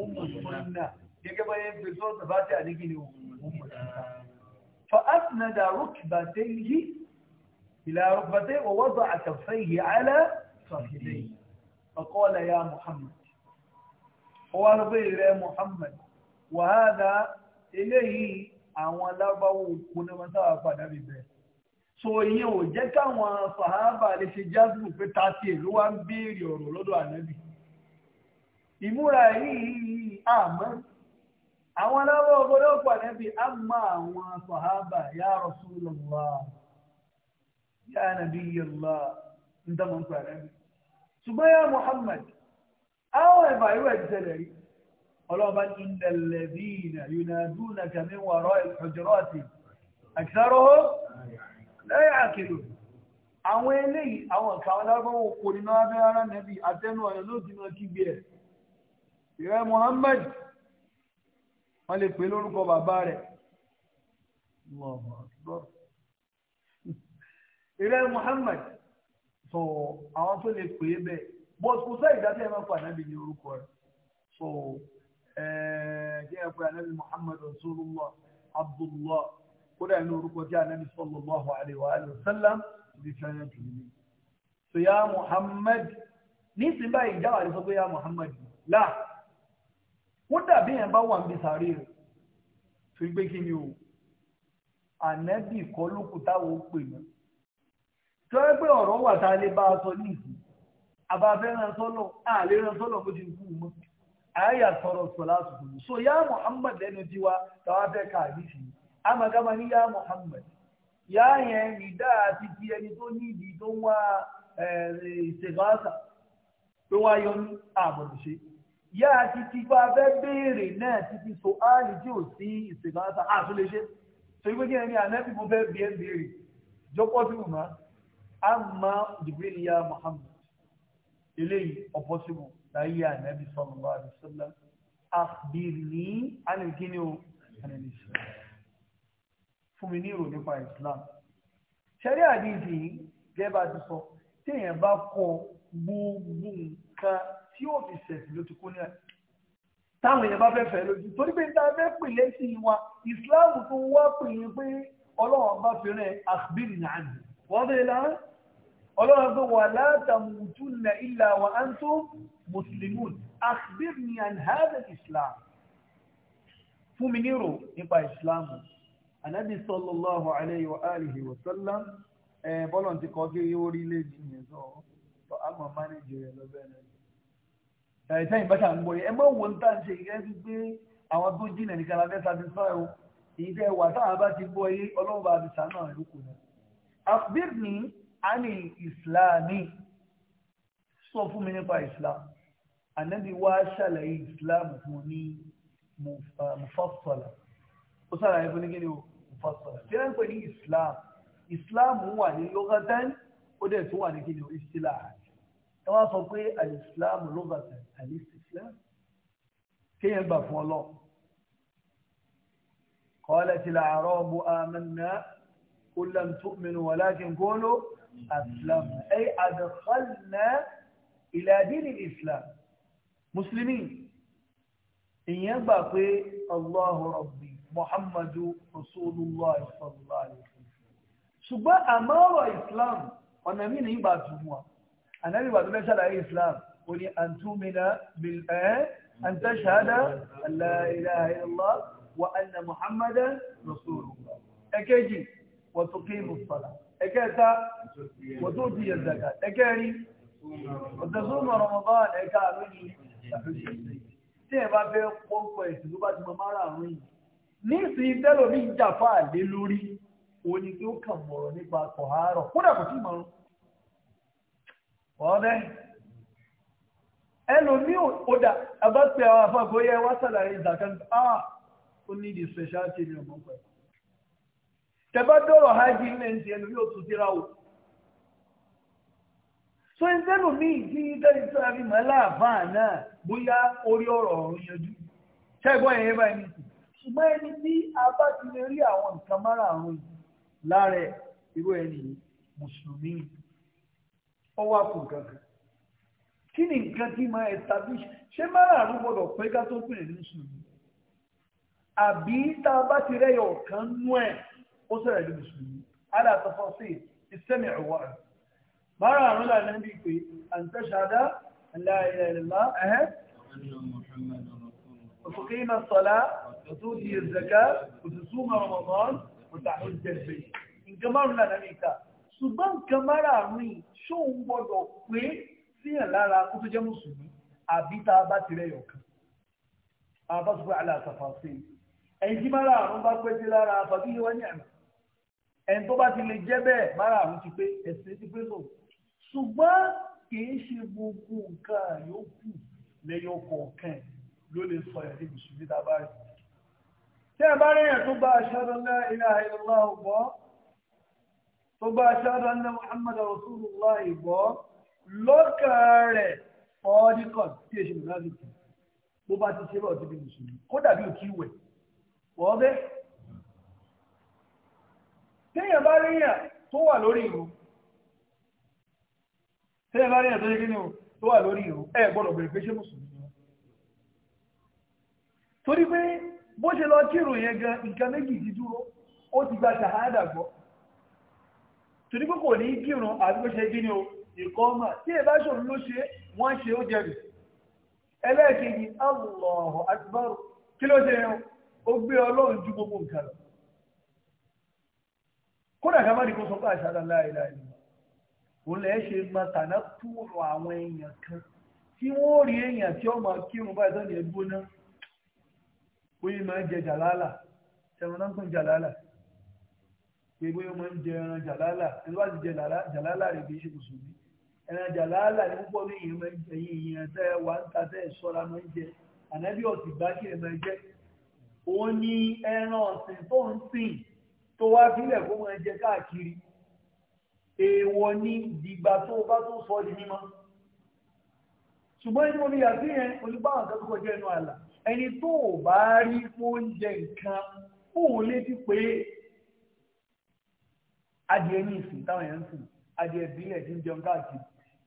S1: ó mú sunna gẹ́gẹ́ bá yẹn pè sọ́ọ́ tàbátì àdégbìnrin o ó mú sunna. fa asnada rukbatayhi ila rukbatayhi wa wada'a kaffayhi ala fakhidayhi فقال يا محمد هو رضي محمد وهذا eléyìí àwọn alábáwò òkú ní wọn sábà padà bí bẹ́ẹ̀ so ìyẹn ò jẹ́ káwọn sàhábà lè ṣe jásùn pé tàti èló wá ń béèrè ọ̀rọ̀ lọ́dọ̀ ànábì ìmúra yìí àmọ́ àwọn aláwọ̀ ọgbọ́dọ̀ pàdé bí a mọ àwọn ya Rasulullah ya ń dámọ̀ bí ṣùgbọ́n ya Muhammad àwọn ẹ̀bà ìwẹ̀ ti rí ọlọ́ọ̀bá ní ìdẹ̀lẹ̀bíìnà yunadúnà kàmí wọ̀rọ̀ ìfọ̀jọ́rọ̀tì àkìsáròó lẹ́yìn àkìlò àwọn eléyìí àwọn kàwọn lárúbáwò kò ní náà bẹ́ ara nẹ́bí àtẹnu ọ̀yọ́ ló ti náà kígbe ẹ̀ ìrẹ́ Muhammad wọ́n lè pè lórúkọ bàbá rẹ̀ ìrẹ́ Muhammad sọ àwọn tó lè pè é bẹ́ẹ̀ bọ́sùkú sẹ́yìn dáadáa ẹ̀ máa fà jẹ́ ẹ̀kọ́ ànábì muhammad rasulullah abdullah kódà inú orúkọ tí ànábì sallallahu alayhi wa sallam ti fi ọyàn jù mí. so ya muhammad nísìn báyìí ìjáwá rẹ sọ pé ya muhammad là wọ́n dàbí yẹn bá wà ń bí sàárè rẹ̀ torí pé kí ni o ànábì kọ́ lókù táwọn ó pè mọ́ tọ́wọ́ pé ọ̀rọ̀ wà tá a lè bá a sọ ní ìsìn àbáfẹ́ ràn àlè ràn bó ti kú mọ́ aya sọ̀rọ̀ sọ̀lá sọ̀rọ̀ so ya muhammad lẹ́nu tiwa tàwa fẹ́ ka àdìsí amagama ni ya muhammad ya yẹn ní dáa ti ti ẹni tó ní ìdí tó ń wá ìṣègbàṣà tó wá yọ ní àbọ̀dù ṣe ya ti ti bá a fẹ́ béèrè náà ti ti so áàlì tí ò sí ìṣègbàṣà àtúnlẹ̀ṣe so ìgbé kí ẹni àná mo fẹ́ bí ẹ béèrè jọ́pọ̀ tí mo máa amma jibril ya muhammad eléyìí ọ̀pọ̀ sí mo láyé ànábì sallallahu alaihi wasallam akhbirni anìkíní o anìlì islam fún mi ní ìrò nípa islam ṣẹ́rí àdìsí gẹ́bà ti sọ téèyàn bá kọ gbogbo nǹkan tí ó fi ṣẹ̀sì ló ti kó ní àyè táwọn èèyàn bá fẹ́ fẹ́ lójú torí pé tá a fẹ́ pè lẹ́sìn wa islam tó wá pè é pé ọlọ́run bá fi rẹ̀ akhbirni àná wọ́n bẹ̀rẹ̀ láàrín ọlọ́run pé wà látàmùtù nà ilà wà á ń tó mùsùlùmùn àkbír ni an hada islam fún mi nírò nípa islam anabi sallallahu alayhi wa sallam ẹ ti kọ́ kí yóò rí ní ìyẹn sọ ọ mánéjì rẹ lọ́bẹ̀ náà bá ṣàǹgbọ̀ yẹn anil islami sọ fún mi nípa islam ànábì wá ṣàlàyé islam fún ní mufassala ó ṣàlàyé fún ní kí ni o mufassala tí wọ́n ń pè ní islam islam wà ní lọ́gàtán ó dẹ̀ tún wà ní kí ni o istilahan ẹ wá sọ pé alislam lọ́gàtán alislam kéèyàn gbà fún ọlọ́run. قالت الأعراب آمنا قل لم تؤمنوا ولكن قولوا أسلمنا أي أدخلنا إلى دين الإسلام مسلمين إن يبقى الله ربي محمد رسول الله صلى الله عليه وسلم ṣùgbọ́n àmọ́rọ̀ islam ọ̀nà mí ní ìbà túnmọ́ ànábì ìbà tó fẹ́ ṣàlàyé islam ó ní àtúnmìnà bilẹ̀ àtẹ́ṣàdá la ilaha illallah wa anna muhammadan rasulullah ẹ̀kẹ́jì wa tuqimus salah ẹ̀kẹ́ta وتؤتي الزكاة لكاري وتصوم رمضان لكاري tẹ́ẹ̀bá fẹ́ pọ́pọ̀ ẹ̀sìn ló bá ti mọ mara àrùn yìí nísìnyí tẹ́lọ̀ ní ìjàfà lé lórí òní tí ó kàn mọ̀rọ̀ nípa kọ̀hárọ̀ kódà kò tí mọ̀ ọ̀ọ́dẹ́ ẹlòmí òdà abápẹ́ àwọn afáàgbó yẹ wá sàlàyé ó ní di special team dọ̀rọ̀ hajj ní tún síra wò tó ń tẹ́lò mí ìdí ìdẹ́rì tó àfi mọ́ láàfáà náà bóyá orí ọ̀rọ̀ ọ̀run yanjú ṣẹ́gbọ́n ẹ̀yẹ báyìí ní ti ṣùgbọ́n ẹni tí a bá ti lè rí àwọn nǹkan márààrún lára irú ẹni mùsùlùmí ọ wá kù kankan kí ni nǹkan tí máa establish ṣé márààrún gbọdọ̀ pé ká tó pè ní mùsùlùmí àbí tá a bá ti rẹ́yọ̀ kan nú ẹ̀ ó sọ̀rọ̀ ẹ̀dùn mara àrùn lànà bí pé àǹtẹ́ṣàdá aláìlẹ́lẹ́lá ẹ̀hẹ́ وتقيم الصلاة وتؤتي الزكاة وتصوم رمضان وتحج البيت nǹkan márùn-ún lànà níta ṣùgbọ́n nǹkan márùn-ún yìí ṣóun gbọ́dọ̀ pé síyàn lára kó tó jẹ́ mùsùlùmí àbí tá a bá ti rẹ̀ yọ̀kan àbá sọ pé aláàtàfà sí i ẹ̀yìn tí márùn-ún bá pé sí lára àfàbí yìí ẹ̀yìn tó bá ti lè jẹ́ bẹ́ẹ̀ márùn-ún ti pé ẹ̀sìn ti pé sọ̀rọ̀ ṣùgbọ́n kìí ṣe gbogbo nǹkan àyókù lẹ́yọ kọ̀ọ̀kan ló lè sọ ẹ̀rí mùsùlùmí dábàrí tí ẹ bá rí ẹ̀ tó bá aṣáájú ńlá ilé àìlọ́lá ọ̀gbọ́ tó bá aṣáájú ńlá Muhammad rasulullah ìgbọ́ lọ́kàn rẹ̀ ọ̀ọ́díkọ̀ tí èṣù mùsùlùmí bó bá ti ṣe bá ọtí bí mùsùlùmí kó dàbí òkú ìwẹ̀ wọ́n bẹ́ẹ̀ téèyàn bá ríyàn tó wà lórí ìrún ṣé ẹ bá rí ẹ̀tọ́ yẹ́gẹ́ ni o tó wà lórí ìrù ẹ gbọ́dọ̀ pé mùsùlùmí lọ torí pé bó ṣe lọ kírò yẹn gan nǹkan méjì ti dúró ó ti gba ṣàhádà gbọ́ torí pé kò ní kírun àti ṣe o ìkọ́ ọmọ tí ẹ bá ṣòro ló ṣe wọ́n ṣe ó ẹlẹ́ẹ̀kejì kí ló ṣe ó lẹ́ ṣe mọ tàná túrò àwọn èèyàn kan tí wọ́n rí èèyàn tí ọmọ kírun báyìí tán ní ẹgbóná bóyá máa ń jẹ jàlálà ẹran náà ń pè jàlálà pé bóyá máa ń jẹ ẹran jàlálà ẹni wá ti jẹ jàlálà rẹ̀ kì í ṣe mùsùlùmí ẹran jàlálà ní púpọ̀ ní ìyẹn èèyàn tẹ́ wà ń ta tẹ́ sọ́ra máa ń jẹ ànábì ọ̀sì gbá kí ẹ máa jẹ òun ni ẹran ọ̀sìn tó ń sìn tó wá fílẹ̀ kó máa jẹ káàkiri èèwọ̀ ní dìgbà tó bá tó sọ di mímọ́ ṣùgbọ́n inú omi yàtí yẹn oníbàwọn kan tó kọjá ẹnu àlà ẹni tó bá rí oúnjẹ nǹkan fóun létí pé adìẹ ní ìsìn táwọn èèyàn ń sìn adìẹ ìbílẹ̀ tí ń jẹun káàkiri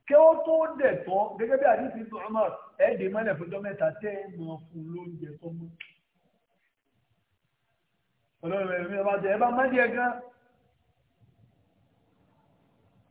S1: kí ó tó dẹ̀ tán gẹ́gẹ́ bí àdìsí tó ọmọ ẹ̀ẹ́dẹ̀ mọ́lẹ̀ fọjọ́ mẹ́ta tẹ́ ẹ mọ fún lóúnjẹ tó mú ọlọ́run ẹ̀mí ọba jẹ ẹ bá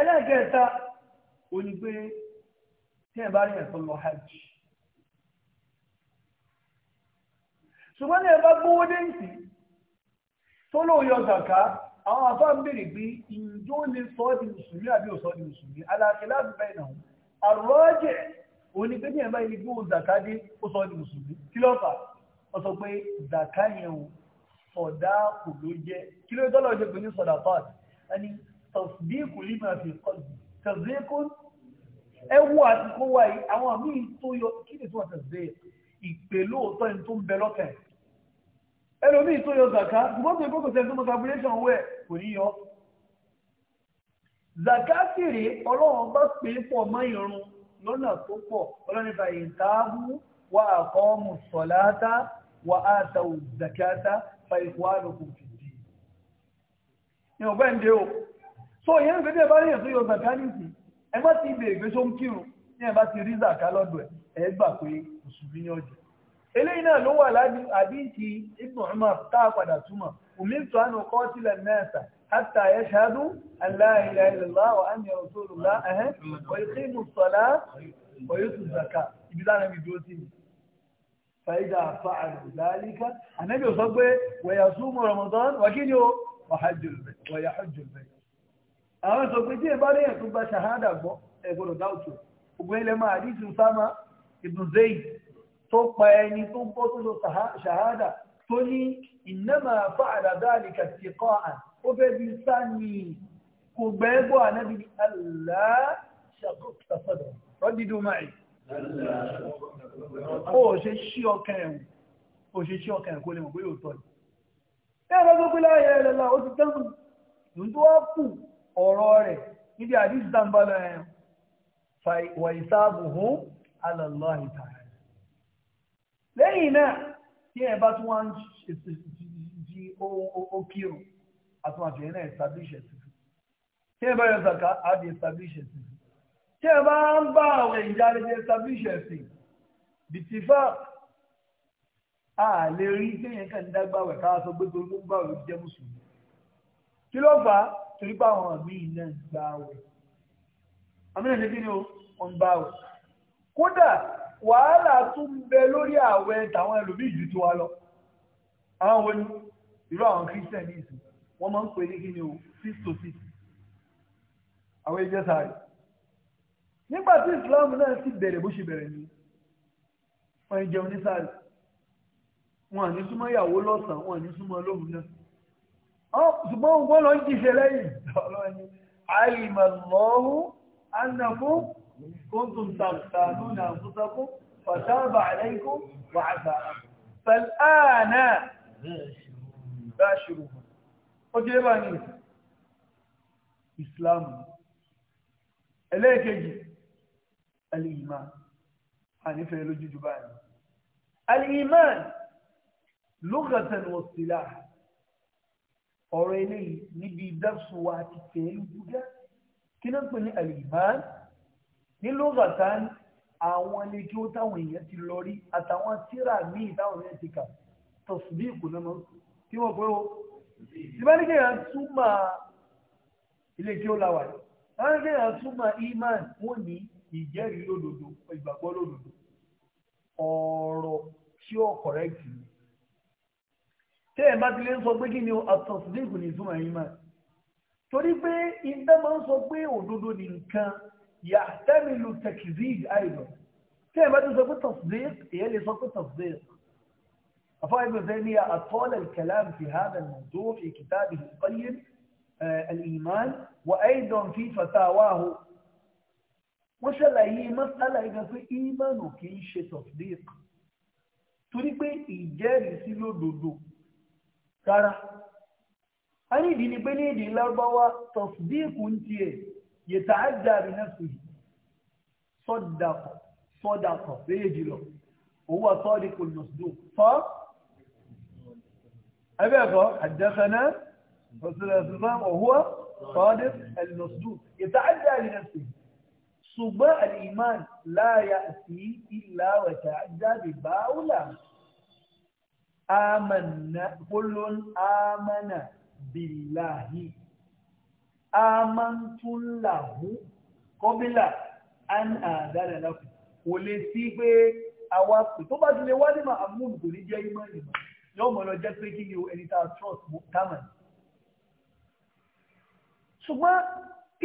S1: ẹlẹ́gẹ̀ẹ́ta ò ní pé tí ẹ bá rí ẹ̀tọ́ lọ hajj ṣùgbọ́n ní ẹ bá gbówó déǹtì tó lóò yọ zàká àwọn afá ń bèèrè pé ìjó lè sọ di mùsùlùmí àbí ò sọ di mùsùlùmí aláàfin láti bẹ́ẹ̀ náà àrọ́jẹ̀ ò ní pé ní ẹ bá ilé gbówó zàká dé ó sọ di mùsùlùmí kí ló fà ọ sọ pé zàká yẹn ò sọ̀dá kò ló jẹ́ kí ló tọ́lọ̀ jẹ́ pé ní sọ̀dá pàt ẹni tọ̀síbíkù límà fi kọlù tẹ̀síkù ẹwú àti kó wà yìí àwọn àmì tó yọ kí ni tó wà tẹ̀síkù ìpè lóòótọ́ ẹni tó ń bẹ lọ́kẹ̀ ẹlòmíì tó yọ zaka ṣùgbọ́n tó ń kókò sẹ́ni tó mọ calculation wẹ̀ kò ní yọ zakatiri ọlọ́run bá pè é pọ̀ mọ́ ìrun lọ́nà tó pọ̀ ọlọ́nìfà ìtaàbù wà àkọ́ọ̀mù sọ̀láátá wà áàtàwù zakata fa ìkwádùn kò ní ọ̀gbẹ́ǹde o so ìyẹn ìgbé bẹ́ẹ̀ bá rí èso yóò zàká nìsí ẹ má ti bèèrè pé tó ń kírun ní ẹ bá ti rí zàká lọ́dọ̀ ẹ ẹ gbà pé mùsùlùmí ní ọjọ́ eléyìí náà ló wà láti àdínkì Ibn Umar tá a padà túmọ̀ umirtu an uqatila an-nasa hatta yashhadu an la ilaha illallah wa anna rasulullah ẹ̀hẹ́ wa yuqimu as-salata wa yutu az-zakata ibi táwọn ẹbí dúró sí mi fàídà fa'àlù dhalika ànábì ò sọ pé wa yasumu Ramadan wa kí ni ó wà hajjul àwọn sọ pé tí ẹ bá rí ẹ̀tún gba ṣàhádà gbọ́ ẹgbọ́dọ̀ dáùtù ogun ilẹ̀ máa rí ìsìn sáma ibn zayd tó pa ẹni tó ń bọ́ tó lọ ṣàhádà tó ní innama fa'ala dhalika tiqa'an ó fẹ́ bí sáni kò gbẹ́ gbọ́ ànábi ní allah shaqaqta sadra raddidu ma'i ó ṣe ṣí ọkàn ẹ̀wọ̀n ó lè mọ̀ pé yóò tọ́ ni. ẹ̀rọ gbogbo láyé ẹ̀rọ ọ̀rọ̀ rẹ̀ níbi àdìsí tàǹbà lọ́yẹn wà ìsáàbù hún alàlọ́ ìta lẹ́yìn náà tí ẹ bá di ó kírun àtúnwàtí ẹ̀ náà establish ẹ̀sìn tí ẹ bá yọ di establish ẹ̀sìn tí a lè rí téèyàn kàn dágbàwẹ̀ ká sọ gbé torí jẹ́ mùsùlùmí kí ló torí bá àwọn míì náà gbà wẹ̀ àmì náà níbi ni wọ́n gbà wẹ̀ kódà wàhálà tún bẹ lórí àwẹ̀ tàwọn ẹlòmíì jù tó wa lọ àwọn wo ni irú àwọn christian ní ìsìn wọ́n máa ń pè ní kí ni o six to six àwọn ẹgbẹ́ sáré nígbà tí islam náà sì bẹ̀rẹ̀ bó ṣe bẹ̀rẹ̀ ni wọ́n ń jẹun ní sáré wọn à ní súnmọ́ ìyàwó lọ́sàn-án wọn à ní súnmọ́ lóhùn náà ṣùgbọ́n ògbọ́n lọ jíṣẹ́ lẹ́yìn ọlọ́ni alìmọ̀lọ́hún annafún kóntùn tàbí na fúsakún fàtàbà aláìkún wà àgbàrá fàlànà bá ṣùrù ó jẹ́ bá ní islam ẹlẹ́ẹ̀kejì alìmọ̀ ànífẹ́ lójú jù báyìí alìmọ̀ lugatan wa ọ̀rọ̀ eléyìí níbi dárṣù wa ti tẹ̀ lùdúgá kí ló ń pè ní alìmán ní lóògàtán àwọn ilé kí ó táwọn èèyàn ti lọ rí àtàwọn tíra míì táwọn èèyàn ti kà tọ̀sùbí ìkùnà mọ́ kí wọ́n pé ó ìbánikẹ́ yà túmọ̀ ilé kí ó la wà ní ìbánikẹ́ yà túmọ̀ imán wọ́n ní ìjẹ́rìí lódodo ìgbàgbọ́ lódodo ọ̀rọ̀ tí ó kọ̀rẹ́kì ni tẹ́ ẹ̀ bá ti lè ń sọ pé kí ni àtọ̀sídẹ́kù ní ìtumọ̀ yìí máa torí pé ìdá máa ń sọ pé òdodo ní nǹkan yà tẹ́mìlú tẹ̀kìzíì àìlọ tẹ́ ẹ̀ bá ti sọ pé tọ̀sídẹ́kù èyẹ lè sọ pé tọ̀sídẹ́kù أفايد ذنية أطال الكلام في هذا الموضوع في كتابه القيم الإيمان وأيضا في فتاواه وشلعي مسألة إذا في إيمان وكي شيء تصديق تريد إيجاري سيلو دودو rárá a ní ìdí ni pé ní ìdí lárúbáwá tọ̀sídìkù ń tiẹ̀ yẹ̀tà àjàrí náà sì sọ́dàkọ̀ sọ́dàkọ̀ méjì lọ òwò sọ́dìkù lọ́sọ̀dọ̀ sọ́ ẹgbẹ́ ẹ̀kọ́ àjẹsẹ̀nà ọ̀sẹ̀lẹ̀sẹ̀sẹ̀ òwò sọ́dìkù lọ́sọ̀dọ̀ yẹ̀tà àjàrí náà sì ṣùgbọ́n àlìmán láàyà sí ìlà wẹ̀tà àjàrí báwùlà آمنا كل آمن بالله آمنت له قبل أن آذن لكم kò lè sí pé àwa pè tó bá ti lè wá ní mahmood kò ní jẹ́ ìmọ̀ ìmọ̀ yóò mọ̀ lọ jẹ́ pé kí ni o ẹni tá a trust mo támà ní. ṣùgbọ́n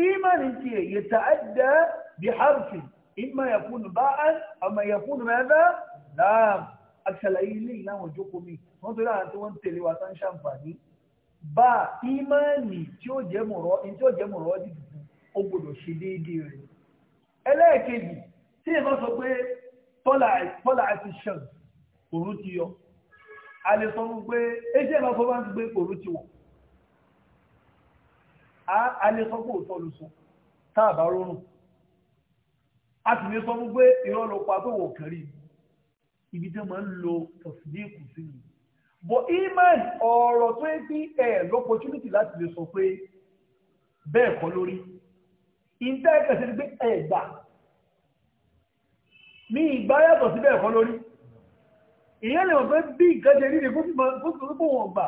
S1: ìmọ̀ni ti èyí tá a jẹ́ bí harfi ìmọ̀ yẹ̀kúnnù bá a àmọ̀ yẹ̀kúnnù mẹ́fẹ́ láàmù àti ṣàlàyé ilé ìláwọn ìjókòó mi wọ́n tó dára tí wọ́n ń tẹ̀lé wa sáń ṣàǹfààní bá ìmánì tí ó jẹ́ mọ̀rọ́ ní tí ó jẹ́ mọ̀rọ́ dìbò fún ó gbọ́dọ̀ ṣe déédéé rẹ̀. ẹlẹ́ẹ̀kejì tí èèmọ̀ sọ pé tọ́lá àti ṣàn òru ti yọ a lè sọ fún pé ẹjẹ́ ìmọ̀ sọ bá gbé òru ti wọ̀ a lè sọ pé òótọ́ ló sọ tá a bá rọrùn a sì lè sọ fún pé ìrọ̀lọ́pàá tó wọ̀ kẹrin ibi tí wọ́n máa ń lo tọ̀sídìkù sí ni bọ̀ iman ọ̀rọ̀ tó ń pín ẹ̀ lọ́pọ̀tunity láti lè sọ pé bẹ́ẹ̀ kọ́ lórí ìntẹ́ ẹ̀kẹ́sẹ̀ ni pé ẹ̀ gbà ní ìgbà yàtọ̀ sí bẹ́ẹ̀ kọ́ lórí ìyẹn lè wọ́n pé bí nǹkan ṣe rí ni kó sì kó wọn gbà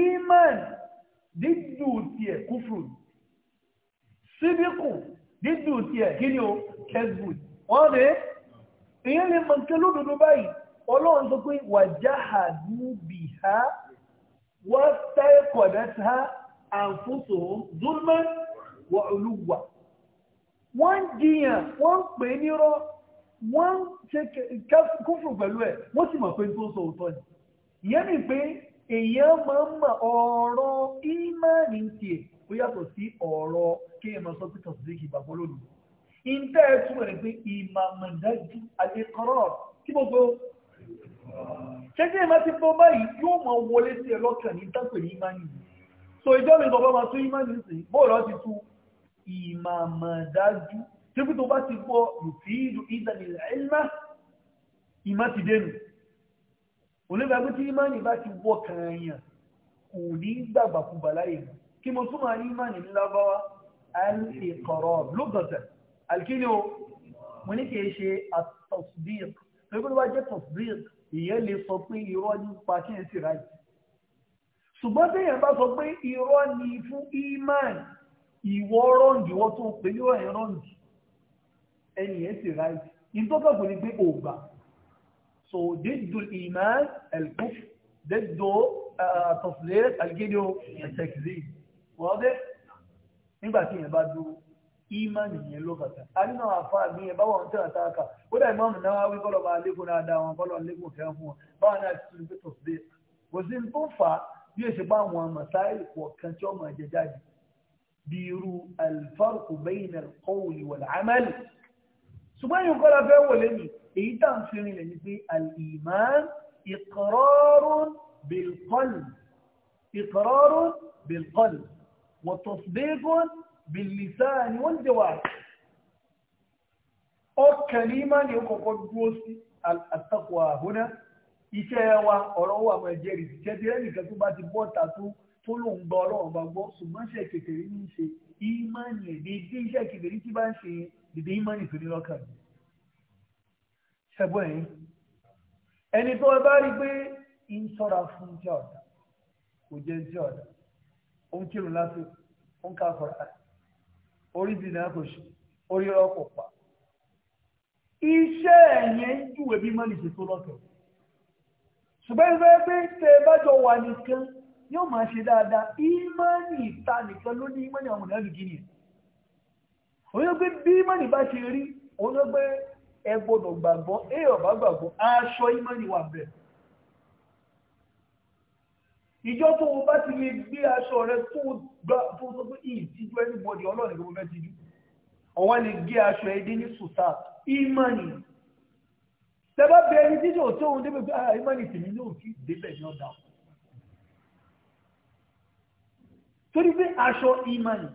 S1: iman dídù tiẹ̀ kúfùrù síbíkù dídù tiẹ̀ kí ni o kẹsùn wọ́n rèé èyàn lè mọ̀ nǹkan lódodo báyìí ọlọ́run sọ pé wàjáhàdú bì há wọ́n sáré kọ̀dá sí há àǹfóso zulman wà olúwa wọ́n jiyàn wọ́n pè é nírọ́ wọ́n ṣe kúfù pẹ̀lú ẹ̀ wọ́n sì mọ̀ pé tó sọ òótọ́ ni ìyẹn ni pé èèyàn máa ń mọ ọ̀rọ̀ ìmánì tiẹ̀ ó yàtọ̀ sí ọ̀rọ̀ kéèyàn máa sọ pé tọ̀sídéèkì ìgbàgbọ́ lónìí ìtẹ́ ẹ̀túnmọ̀ rẹ̀ pé ìmàmọ̀dájú àdékọ́rọ̀ kí gbogbo ṣẹ́jẹ́ ìmá ti bọ́ báyìí yóò mọ̀ wọlé sí ẹ lọ́kàn ní tápẹ̀ ní ìmá nìyí so ìjọ mi bọ́ máa tún ìmá nìyí sí bóòlọ́ ti tún ìmàmọ̀dájú tí kí tó bá ti gbọ́ yòfíìlú ìdàlẹ̀ ẹ̀lá ìmá ti dénú onígbàgbé tí ìmá nìyí bá ti wọ kàáyàn kò ní gbàgbàkúgbà láyé kí mo túmọ̀ ìmá nìyí lábáwá al-iqrar lóògùn alikini o mo ní kì í ṣe àtọ̀síbíyà torí pé ló bá jẹ́ tọ̀síbíyà ìyẹn lè sọ pé irọ́ nípa kí n sì ráì ṣùgbọ́n téèyàn bá sọ pé irọ́ ni fún imán ìwọ rọ́ǹgì wọ́n tó pè ní ọ̀rẹ́ rọ́ǹgì ẹni yẹn sì ráì ìtọ́ka kò ní pé ògbà so dídò imán ẹ̀lkú dídò tọ̀síbíyà alikini o ẹ̀tẹ̀kìlì wọ́n dé nígbà tí èèyàn bá dúró ìmánì yẹn ló fàtà a nínú àfa mi ẹ báwọn ń tẹ̀lé àtàkà ó dà ìmáàmù náà wí kọ́lọ̀ máa lékún náà dá wọn kọ́lọ̀ lékún fẹ́ fún wọn báwọn náà ti tún tó dé kò sí tó fà á bí èsì bá àwọn màsáì kọ̀ọ̀kan tí ọmọ ẹ̀jẹ̀ jáde bí irú alfarku bẹ́yìn alkọ́wùlì wal amali ṣùgbọ́n yìí kọ́lọ̀ fẹ́ wò lẹ́nu bìlìsáàni wọ́n وكلمة wà ọkà التقوى هنا ní ọkọ̀kọ́ dúró sí àtàkùwà àhúná iṣẹ́ wa ọ̀rọ̀ wà mọ̀ ẹ̀jẹ̀ rí ti jẹ́bi ẹnìkan tó bá ti bọ́ ta tó tó lòun gba ọlọ́run bá gbọ́ ṣùgbọ́n ṣe kékeré ní í ṣe ìmánì ẹ̀ dédé iṣẹ́ kékeré tí bá ń ṣe dédé ìmánì tó ní lọ́kàn mi. ṣẹ́gbọ́n ẹ̀yìn ẹni tó bá rí pé ń sọ́ra fún tí ọ̀dà kò jẹ́ tí ọ̀dà ó ń kírun lásìkò ó ń ká orí dìnnà kò ṣe orí ọkọ̀ pa iṣẹ́ ẹ̀yẹn ń júwe bí mọ́nì ṣe tó lọ́tọ̀ ṣùgbọ́n ìfẹ́ pé tẹ wà nìkan yóò máa ṣe dáadáa ìmọ̀nì ta nìkan ló ní ìmọ̀nì àwọn ọ̀nà àdùgí nìyẹn òun pé bí bá ṣe rí òun ẹ ìjọ tó o bá ti lè gbé aṣọ rẹ tó gbà tó sọ pé ìtìjú ẹnìbọdì ọlọ́run ni mo fẹ́ ti jù ọ̀wọ́n lè gé aṣọ ẹdí ní sùtà ìmọ̀nì tẹ́bá bẹ ẹni tí yóò tó ohun débẹ̀ pé ah ìmọ̀nì tèmi náà kì í débẹ̀ ní ọ̀dà torí pé aṣọ ìmọ̀nì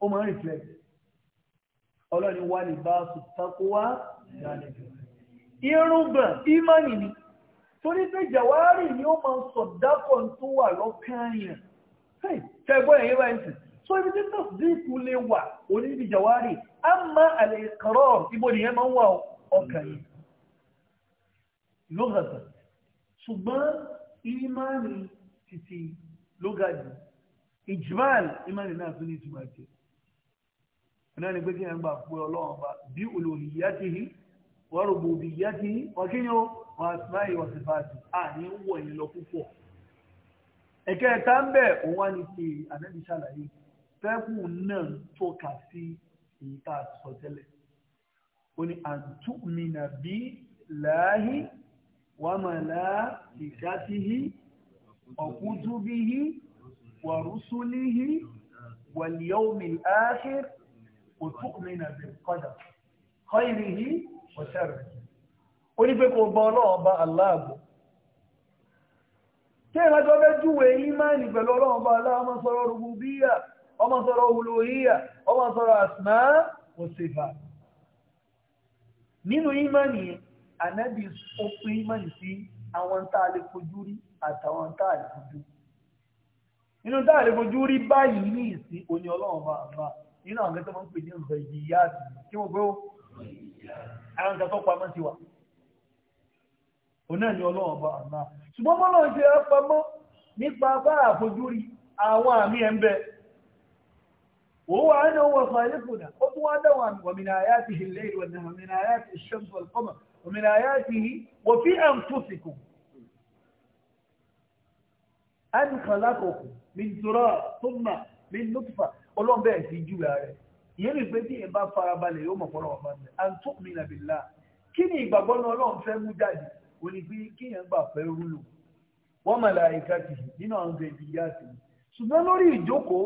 S1: ó máa ń reflect ọlọ́run wà ní bá sùtà kó wá ìrùngbọ̀n ìmọ̀nì ni. torí pé jàwárì ni ó máa tó wà lọ́kàn yẹn ṣẹ́gbọ́n so ibi tí tọ́sídìkù lè wà oníbi jàwárì á má àlè kọ̀rọ̀ ibo nìyẹn máa ń wà ọkàn yẹn lógàdà ṣùgbọ́n ìmánì títí lógàdà ìjìmáàlì ìmánì náà tún ní ìtumọ̀ àti náà ni pé kí ẹ̀ ń gbà pé ọlọ́run bá bí wọ́n wọ́n kí ni ó wọn asma'i wa sifati àní wọ̀ yìí lọ púpọ̀ ẹ̀kẹta ń bẹ̀ òun wá ní ti ànábì ṣàlàyé tẹ́kù náà tọ́ka sí èyí tá a sọ tẹ́lẹ̀ ó ní àtúmìnà bí láàhí wàmàlá ìkátìhí ọ̀kútúbíhí wàrúsúlíhí wàlíọ́mì áṣír òtúmìnà bí kọ́dà kọ́ ìrìhí ọ̀ṣẹ́rẹ̀. onígbé kò bọ́ ọba aláàbò tí ìrìnàjò ọbẹ̀ júwe ìmáàni pẹ̀lú ọlọ́ọ̀bá aláàmọ́ ala rúgbùbíyà olóhíyà ọmọ sọ̀rọ̀ òsèfà nínú ìmáàni ànábì ó pín sí àwọn tá a àtàwọn àwọn òun náà ni ọlọ́run bá àmà ṣùgbọ́n mọ́nà ṣe pamọ́ nípa bá àfojúrí àwọn àmì ẹ̀ ń bẹ وهو أنه هو خالقنا خطوة دوام ومن آياته الليل والنهار ومن آياته الشمس والقمر ومن آياته وفي أنفسكم أن خلقكم من تراب ثم من نطفة ọlọ́run bẹ́ẹ̀ sí jù ààrẹ ìyẹn lè fẹ́ tí ẹ bá farabalẹ̀ yóò mọ̀ fọ́lọ́wọ́ bá ń bẹ̀ and tó mìíràn bí kí ni ìgbàgbọ́ náà ọlọ́run mú jáde ó ní bí kéèyàn gbà fẹ́ rúlù wọ́n màláìka ti nínú àwọn bèbí yá sí i ṣùgbọ́n lórí ìjókòó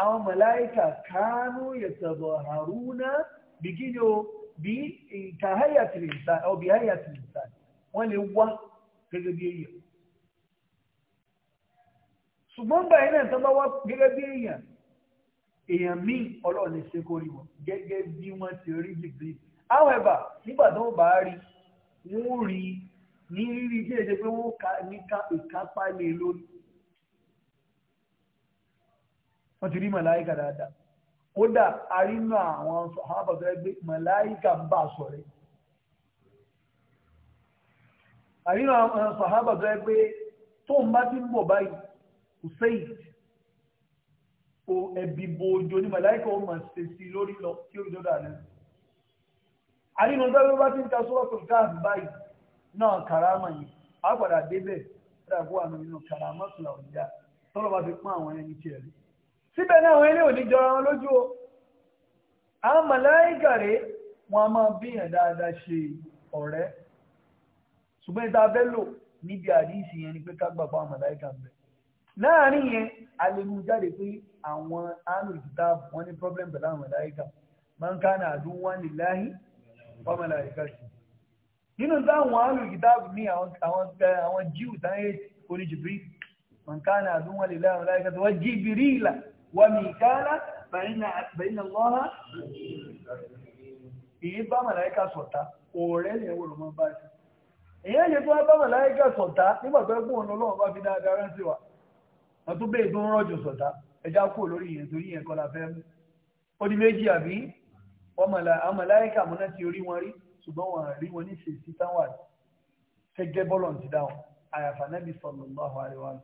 S1: àwọn màláìka kánú yẹtọ̀bọ̀ haruna bìgínì o bí ìkàháyà tìrìsà ọbì háyà tìrìsà wọ́n lè wá gẹ́gẹ́ bí èèyàn ṣùgbọ́n báyìí náà tó bá wá gẹ́gẹ́ bí èèyàn èèyàn míì ọlọ́ọ̀ni ṣe kórìí wọn gẹ́gẹ́ bí wọ́n ti rí jìbìrì however nígbà tó bá rí wọ́n rí ní rírí díẹ̀ jẹ́ pé wọ́n ká ní ìkápá lè lórí wọ́n ti rí màláìkà dáadáa kódà arínú àwọn àbàtọ̀ ẹgbẹ́ màláìkà ń bá sọ̀rẹ́ àrínà àwọn sàhábà gẹ́ tó ń bá ti ń bọ̀ báyìí o ẹ̀bí bo ojo màláìkà ó mà ṣe sí àrínú tọ́lú bá ti ń ta sọ́wọ́ tó káàbù báyìí náà kàrámà yìí a padà débẹ̀ dàgbó àmì nínú kàrámà tùlà òjá tọ́lọ́ bá fi pọ́n àwọn ẹni tiẹ̀ rí síbẹ̀ náà àwọn ilé òní jọra wọn lójú o àwọn màláíkà rèé wọn a máa bíyàn dáadáa ṣe ọ̀rẹ́ ṣùgbọ́n ìta fẹ́ lò níbi àdíìsì yẹn ni pé ká gbà fún àwọn màláíkà bẹ̀ láàrin yẹn a lè mú jáde pé àwọn alùpùpù wọn ní pọ́blẹ́mù fọ́mọ̀lá ìkàṣì nínú táwọn alùgìdáàbù ní àwọn jíù táyé oníjìbírí mọ̀nkánà àdúnwọ̀lè láàrín láìkàtà wọ́n jìbìrí ìlà wọ́n mi ìkálá bẹ̀yìn lọ́ha èyí bá màláíkà sọ̀tá ọ̀rẹ́ yẹn àwọn màláíkà múná ti rí wọn rí ṣùgbọ́n wọn rí wọn níṣe sí táwọn àti gẹ́gẹ́ bọ́lọ̀ ti dáhùn àyàfà nẹ́bí sallallahu alaihi wa sallam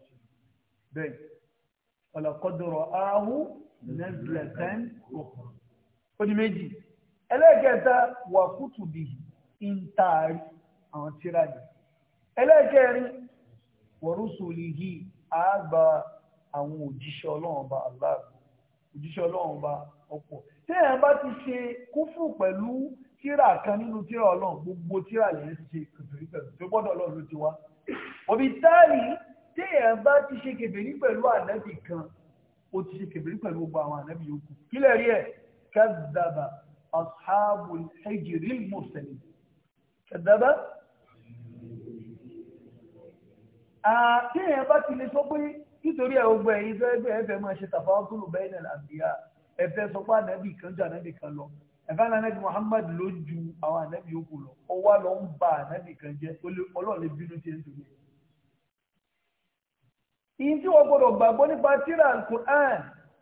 S1: bẹ́ẹ̀ ọ̀làkọ́dọ̀rọ̀ ahu nẹ́bìlẹ̀tẹ́n òkùn ó di méjì ẹlẹ́ẹ̀kẹta wà kútùbì ìntàrí àwọn tíráyì ẹlẹ́ẹ̀kẹrin wọ̀rúsùlìhì àgbà àwọn òjíṣẹ́ ọlọ́run bá òjíṣẹ́ ọlọ́run ọ̀pọ̀ tí ẹ bá ti ṣe kúfù pẹ̀lú tíra kan nínú tíra ọlọ́run gbogbo tíra yẹn ti ṣe kèfèrí pẹ̀lú tó gbọ́dọ̀ ọlọ́run ló ti wá òbí táàlì tí ẹ bá ti ṣe kèfèrí pẹ̀lú ànábì kan ó ti ṣe kèfèrí pẹ̀lú gbogbo àwọn ànábì yòókù kílẹ̀ rí ẹ̀ kẹ́dàbà ashabul hijri mursalin kẹ́dàbà tí ẹ bá ti lè sọ pé nítorí ẹ̀ ogbó ẹ̀yìn tó ẹgbẹ́ ẹ̀fẹ̀ máa ṣe tàfáwọ́ ẹ̀fẹ́ sọ pé ànábì kan ju ànábì kan lọ ẹ̀fẹ́ ànábì Muhammad ló ju àwọn ànábì yòókù lọ ó wá lọ ń ba ànábì kan jẹ́ Ọlọ́run lè bínú tiẹ̀ nítorí ẹ̀. ìyí tí wọ́n gbọ́dọ̀ gbàgbọ́ nípa tíra Al-Qur'an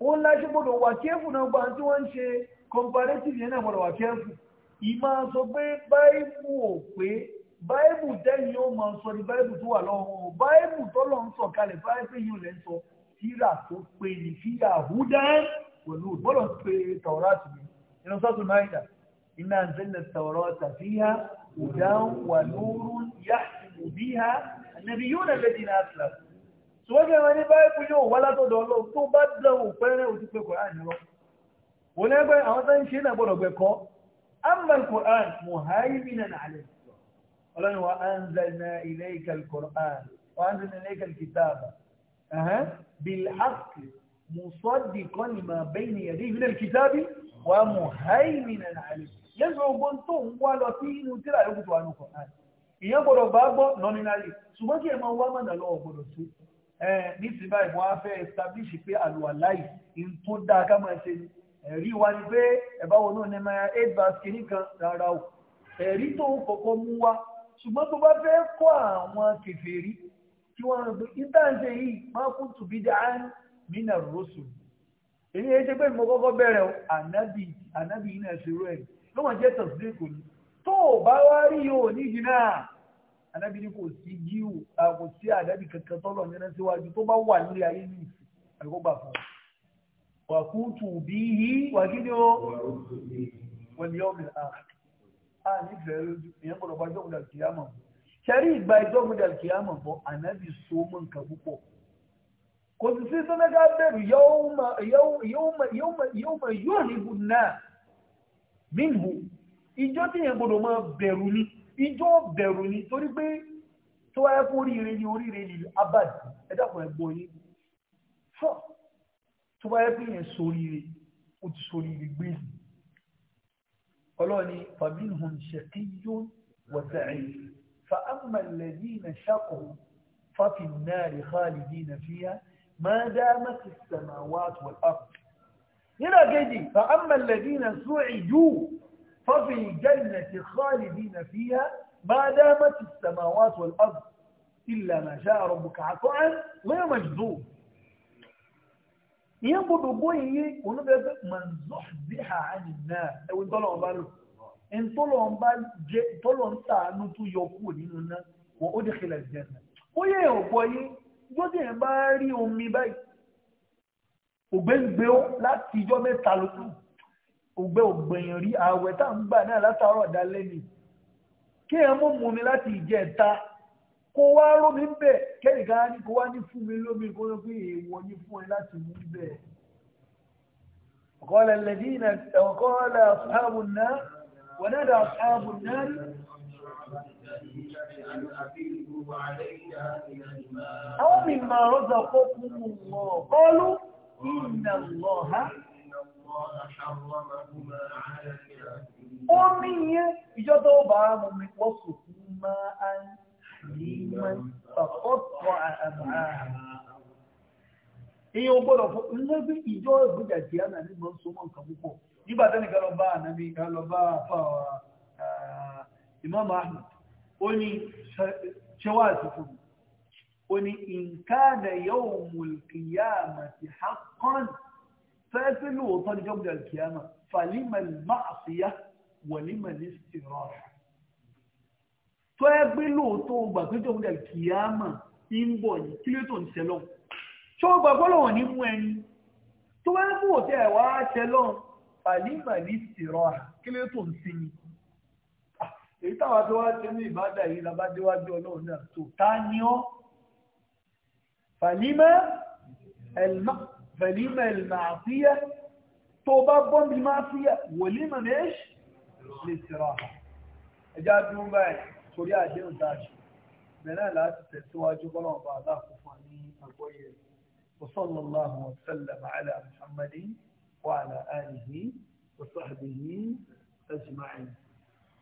S1: wọ́n láṣẹ gbọ́dọ̀ wà kẹ́fù náà gbà tí wọ́n ń ṣe comparative yẹn náà gbọ́dọ̀ wà kẹ́fù ìmá sọ pé báìbù ò pé báìbù tẹ́yìn ó máa sọ ní báìbù tó wà lọ́wọ́ báìbù tọ́lọ́ ń sọ kalẹ̀ báìbù yìí ò lẹ́ sọ tíra tó pé ní fíyà húdán pẹ̀lú bọ́lọ̀ pé tàwọ́rọ́tì mi nínú sọ́tún náírà iná àǹzẹ́lẹ̀ tàwọ́rọ́tà fi ha òdáhùn wà lóòrùn yá òbí ha ànàbí yóò nà lẹ́dí náà sílá ṣùgbọ́n ẹ̀rọ ní báyìí fún yóò wá látọ̀dọ̀ ọlọ́ tó bá dánwò pẹ́rẹ́ òtún pé kò ráàyè lọ wọ́n lẹ́gbẹ́ àwọn tó ń ṣe náà gbọ́dọ̀ gbẹ̀kọ́ أما القرآن مهيمنا عليه قال وأنزلنا إليك القرآن وأنزلنا إليك الكتاب أه. بالحق مصدقا لما بين يديه من الكتاب ومهيمنا عليه yẹ́sùn ogun tó ń wá lọ sí inú tíra yóò tó wà ní kọ̀ọ̀án ìyẹn gbọ́dọ̀ bá gbọ́ nominally ṣùgbọ́n kí ẹ máa wá mọ̀nà lọ́wọ́ gbọ́dọ̀ tó ní ti báyìí wọ́n á fẹ́ establish pé àlùwàláì ń tó dáa ká máa ṣe ẹ̀rí wa ni pé ẹ̀bá wo náà ní máa eight verse kìíní kan rárá o ẹ̀rí tó ń kọ̀kọ́ mú wa ṣùgbọ́n tó bá fẹ́ kọ́ àwọn kèfèrí tí wọ́n rẹ̀ pé ìtànṣe yìí má kú tùbí dáa mina rusul èyí ẹ ṣe pé mo kọ́kọ́ bẹ̀rẹ̀ ànábì ànábì yìí náà ṣerú ẹ̀ ló wọ́n jẹ́ tọ̀sílẹ̀ kò ní tó o bá wá rí o níyì náà ànábì ni kò sí jíù kò sí ànábì kankan tọ́lọ̀ nínú síwájú tó bá wà lórí ayé ní ìsìn àgbọ̀ gbà fún un. wàkútù bí i wàkíní o wọ̀nyí ọ̀gbìn a nífẹ̀ẹ́ lójú ìyẹn gbọ́dọ̀ bá jọ́gùdà kìámọ̀ ṣẹ́rí ìgbà ìjọ́gùdà kìámọ̀ bọ́ ànábì so mọ́ nǹkan púpọ̀ kò sì sí sẹ́nẹ́gà bẹ̀rù yóò mọ̀ yóò níbu náà minhu ìjọ tí yẹn gbọdọ̀ máa bẹ̀rù ni ìjọ bẹ̀rù ni torí pé tó wáyé kó oríire ni oríire ni abad ẹ̀dá kan ẹ̀gbọ́n yín fọ́ tó wáyé pé yẹn sóríire ó ti sóríire gbé ọlọ́ni faminhum shaqiyyun wa sa'id fa amma alladhina shaqu fa fi an-nari khalidina fiha. ما دامت السماوات والأرض هنا جدي فأما الذين سعدوا ففي الجنة خالدين فيها ما دامت السماوات والأرض إلا ما شاء ربك عطاء غير مجذوب ينبض بوي ونبدا من زحزح عن النار لو انطلعوا بالو انطلعوا بال طلعوا انتعنوا تو يوكو لننا وأدخل الجنة ويا بوي lójú yẹn bá rí omi báyìí ògbéǹgbé ó láti ijọ́ mẹ́ta lójú ògbé ògbèyàn rí ààwẹ̀ tá ń gbà náà látàárọ̀ dalẹ́ ni kí ẹ mú mu mi láti ìjẹta kó wá rómi bẹ̀ kẹ́nìkan á kó wá ní fún mi lómi kó ló pé èèwọ̀ ní fún ẹ láti mú bẹ̀. ọ̀kọ́lẹ̀ lẹ́dínà ọ̀kọ́lẹ̀ àfáàbùnà wọ̀nàdà àfáàbùnà Àwọn mìmọ̀ kó kú mọ̀ ọlú ìnà ha. Ó mí yẹ́ ìjọ tó mú mi pọ́ sùkú máa ń rí mọ́ ọ̀pọ̀ fún a ní ó ní ṣẹ́wàásí fún mi ó ní nǹkan yawmul qiyamati haqqan fẹ́ẹ́fẹ́ lóòótọ́ ní jọ́gbìn alkiyama falimal ma'asiya walimal istirara tó ẹ gbé lóòótọ́ gbà pé jọ́gbìn alkiyama ń bọ̀ ní kí ń ṣẹlọ́ tó gbàgbọ́ lọ́wọ́ ní mú ẹni tó wá mú òtẹ́ ẹ̀ wá ṣẹlọ́ falimal istirara kí ń sinmi èyí táwa tó wá ti ní ìbádà yìí labádéwájú ọlọ́run náà tó tá ní ọ́ fẹ̀límẹ̀ ẹ̀lmàáfíyà tó bá bọ́n bí máa fíyà wòlímọ̀ méṣì lè tìrà ẹjá dún báyìí torí àdéhùn dáṣì mẹ́rẹ́ láti tẹ̀síwájú kọ́lọ̀ọ̀bá aláàkùnfà ní àgbọ́yẹ̀ وصلى الله وسلم على محمد وعلى آله وصحبه أجمعين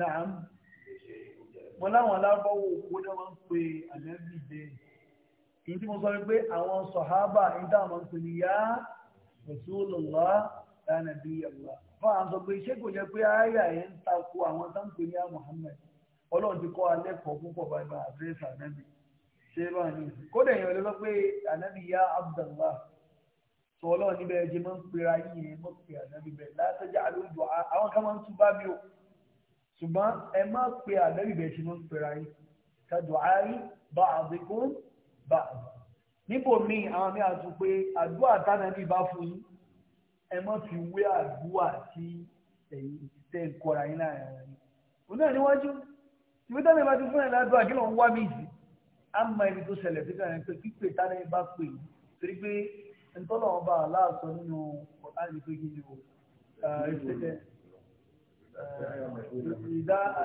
S1: naam wọn láwọn alábọ̀wò òkú náà máa ń pe ànábì dé tí mo sọ pé àwọn sọ̀hábà ìdá àwọn pè ní yá ya Nabiyallah fún àwọn sọ pé ṣé kò jẹ́ pé ayà ẹ̀ ń takò àwọn tó ń pè ní yá ọlọ́run ti kọ́ púpọ̀ bàbá àdírẹ́sì ànábì ṣé kódà sọ pé ànábì yá Abdullah sọ ọlọ́run níbẹ̀ ẹ ṣùgbọ́n ẹ má pe ànábì bẹ́ẹ̀ ṣe ló ń pera yín kájọ àárí bá àdínkù bá níbo míì àwọn míì àtún pé àdúrà tánàbì bá fún yín ẹ má fi wé àdúrà tí ẹ̀yìn tẹ́ ń kọra yín láàrin wọn ni òun náà níwájú ìwé tánàbì bá ti fún ẹ̀ ládùúgbà kí ló wá mí yìí á mọ ẹni tó ṣẹlẹ̀ sí kàn pé pípé tánàbì bá pè é torí pé ntọ́lọ́wọ́n bá aláàtọ̀ nínú ọ̀tá ìgbégi ni o.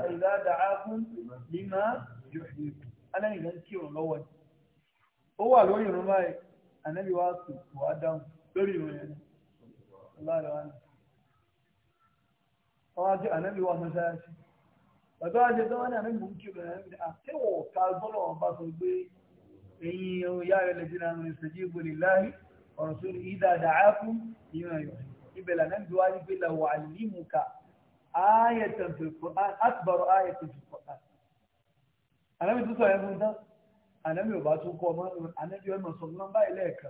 S1: إذا dàákún lima alẹ́nìyàn kí òun lọ́wọ́ ni ó wà lórí ìrún báyìí ànábì wa sùn wà dáhùn lórí ìrún yẹn lára wa ni wọ́n á jẹ́ ànábì wa mọ́ṣáláṣí bàbá àjẹ tó wá ní ànábì mú kí òun lọ́wọ́ ni àtẹ́wọ̀ ká gbọ́dọ̀ wọn bá sọ pé ẹ̀yin ohun yá rẹ̀ lẹ́jìn àwọn ìṣẹ̀jì ìgbòlè láàyè ọ̀rọ̀ sórí ìdá dàákún lima ibẹ̀ lànà ìdíwájú pé làwọ̀ àlìmùkà ayatan fil Qur'an akbaru ayatan fil Qur'an anabi tó sọ yẹn fún tán anabi ò bá tún kọ ọmọ anabi ọmọ sọ nọmba ilé ẹka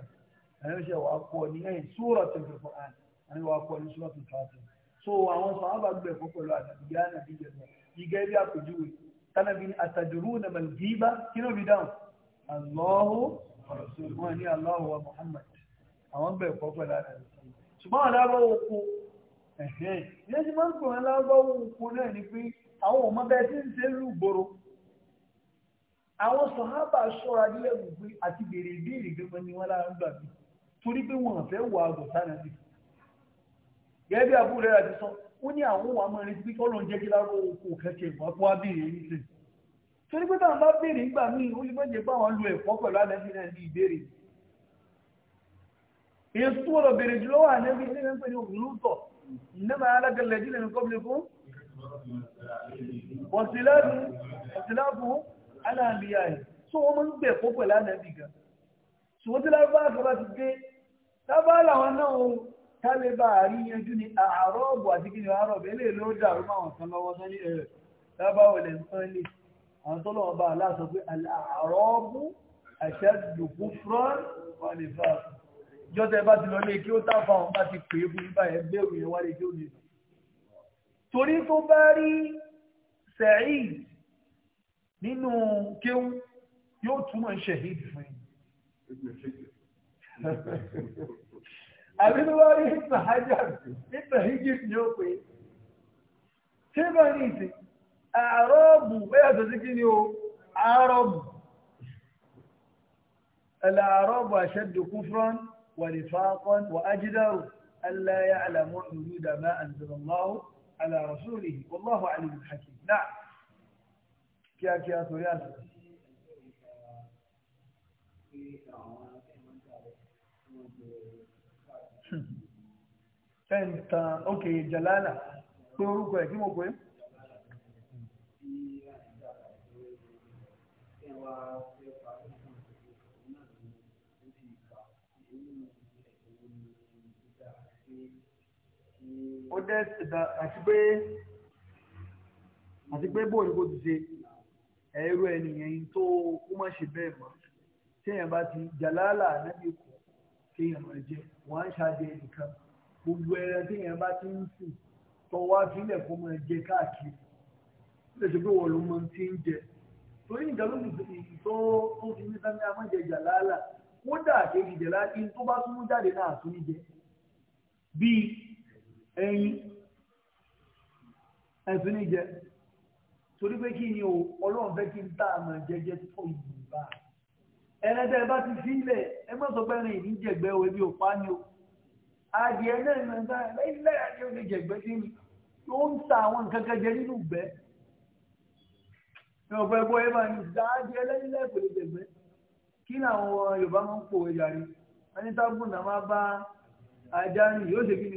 S1: anabi ṣe wàá kọ ní ẹ̀yìn suratan fil Qur'an anabi wàá kọ ní suratul Fatiha so àwọn sọ àwọn bá gbẹ fún pẹ̀lú anabi yá anabi yẹn lọ yíga ẹbí àpèjúwe tánàbí ni atadruna mal ghiba kí ló fi dáhùn Allahu wọn ni Allahu wa Muhammad àwọn gbẹ fún pẹ̀lú anabi ṣùgbọ́n àwọn ilé ma máa ń pè wọn lágbáwó oko náà ni pé àwọn ọmọ bẹ́ẹ̀ tí ń ṣe lù gbòòrò àwọn sọ̀hábà ṣọ́ra nílẹ̀ gbogbo àti bèrè ìbéèrè gbogbo ni wọ́n lára ń gbà bí torí pé wọ sára sí sọ ó ní àwọn amọ̀rin pé kọ́ ló ń jẹ́ kí kẹ́kẹ́ ìwà bèrè sí torí pé táwọn bá bèrè míì ó mọ̀jẹ̀ pẹ̀lú náà ní ìbéèrè èyí إنما هلك الذين من قبلكم wọ̀síláàfù aláàbíyà ẹ̀ tó wọ́n mọ́ ń gbẹ̀ fún pẹ̀lú ànàbì gan ṣùgbọ́n tí lábá àkọ́bá ti dé lábá làwọn náà tálẹ́ bá rí yanjú ní àárọ̀bù àti kí ni àárọ̀bù ilé ló dàrú máa wọ̀n kan lọ́wọ́ sọ ní ẹ̀rẹ̀ jọ́sẹ̀ bá ti lọ lé kí ó táfà wọn bá ti pè é fún ibà ẹ̀ bẹ́ẹ̀rù yẹn wálé kí ó lè sùn. torí tó bá rí sẹ̀ẹ́d nínú kéwú yóò túmọ̀ ṣẹ̀híd fún yín. àbí tó rí sàájà nípa egypt ni ó pè é. ìsìn àrọ́bù bẹ́ẹ̀ àtọ̀ sí kí ni o àrọ́bù. الأعراب أشد كفرا ونفاقا وأجدر ألا يعلم حدود ما أنزل الله على رسوله والله عليم الحكيم نعم كيا كيا توريان أنت أوكي جلالة كيورو كوي كيمو كوي ó dẹ́ àti pé àti pé bóòlù kò ti ṣe ẹ̀rọ ẹnìyẹn tó kó má ṣe bẹ́ẹ̀ mọ́ téèyàn bá ti jàlálà nábì kù téèyàn máa jẹ wọ́n á ṣàjẹ nìkan gbogbo ẹran téèyàn bá ti ń sùn tọwọ́ sílẹ̀ kó máa jẹ káàkiri lè ṣe pé wọ́n ló máa ti ń jẹ torí nìkan ló ti tó tó fi ní sáńgá máa jẹ jàlálà kódà kejì jàlálà kí n tó bá tún mú jáde náà tún jẹ bíi. ẹyin ẹ̀sìn ní torí pé kí ni o ọlọ́run fẹ́ kí n tá àmọ̀ jẹjẹ tó ìgbà ẹlẹ́dẹ̀ bá ti sílẹ̀ ẹ má sọ pé ẹran ìní jẹ̀gbẹ́ o ebi ò pa ni o adìẹ náà ń gbà lẹ́yìn lẹ́yìn adìẹ ò lè sí ó ń ta àwọn nǹkan kan nínú ìgbẹ́ ní ọ̀pọ̀ ẹ̀kọ́ ẹ̀ máa adìẹ lẹ́yìn Yorùbá máa ń ẹni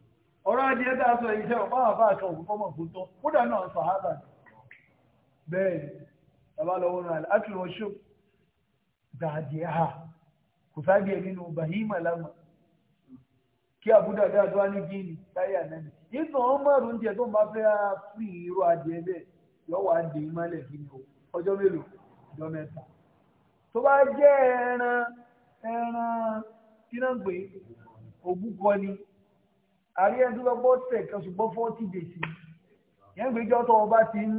S1: ọ̀rọ̀ adìẹ tá a sọ iṣẹ́ ọ̀pá àbá àkà òkúkọ́ mọ̀ kó tán kódà náà sọ hábà bẹ́ẹ̀ bàbá lọ́wọ́ náà láti lọ ṣó gba ha kò sáàdìẹ nínú bahima lámà kí àbúdà dáa tó wá ní gíní táyé ànáni ìtàn ọmọ ọdún tiẹ̀ tó ń bá fẹ́ fún irú adìẹ bẹ́ẹ̀ yọ wà á dè é mọ́lẹ̀ kí ni o ọjọ́ mélòó ọjọ́ mẹ́ta tó bá jẹ́ ẹran ẹran kí náà ń pè ni àrí ẹni tó lọ bọ́ tẹ̀ kan ṣùgbọ́n fọ́tí dèsì yẹn gbẹjọ́ tó ọba ti ń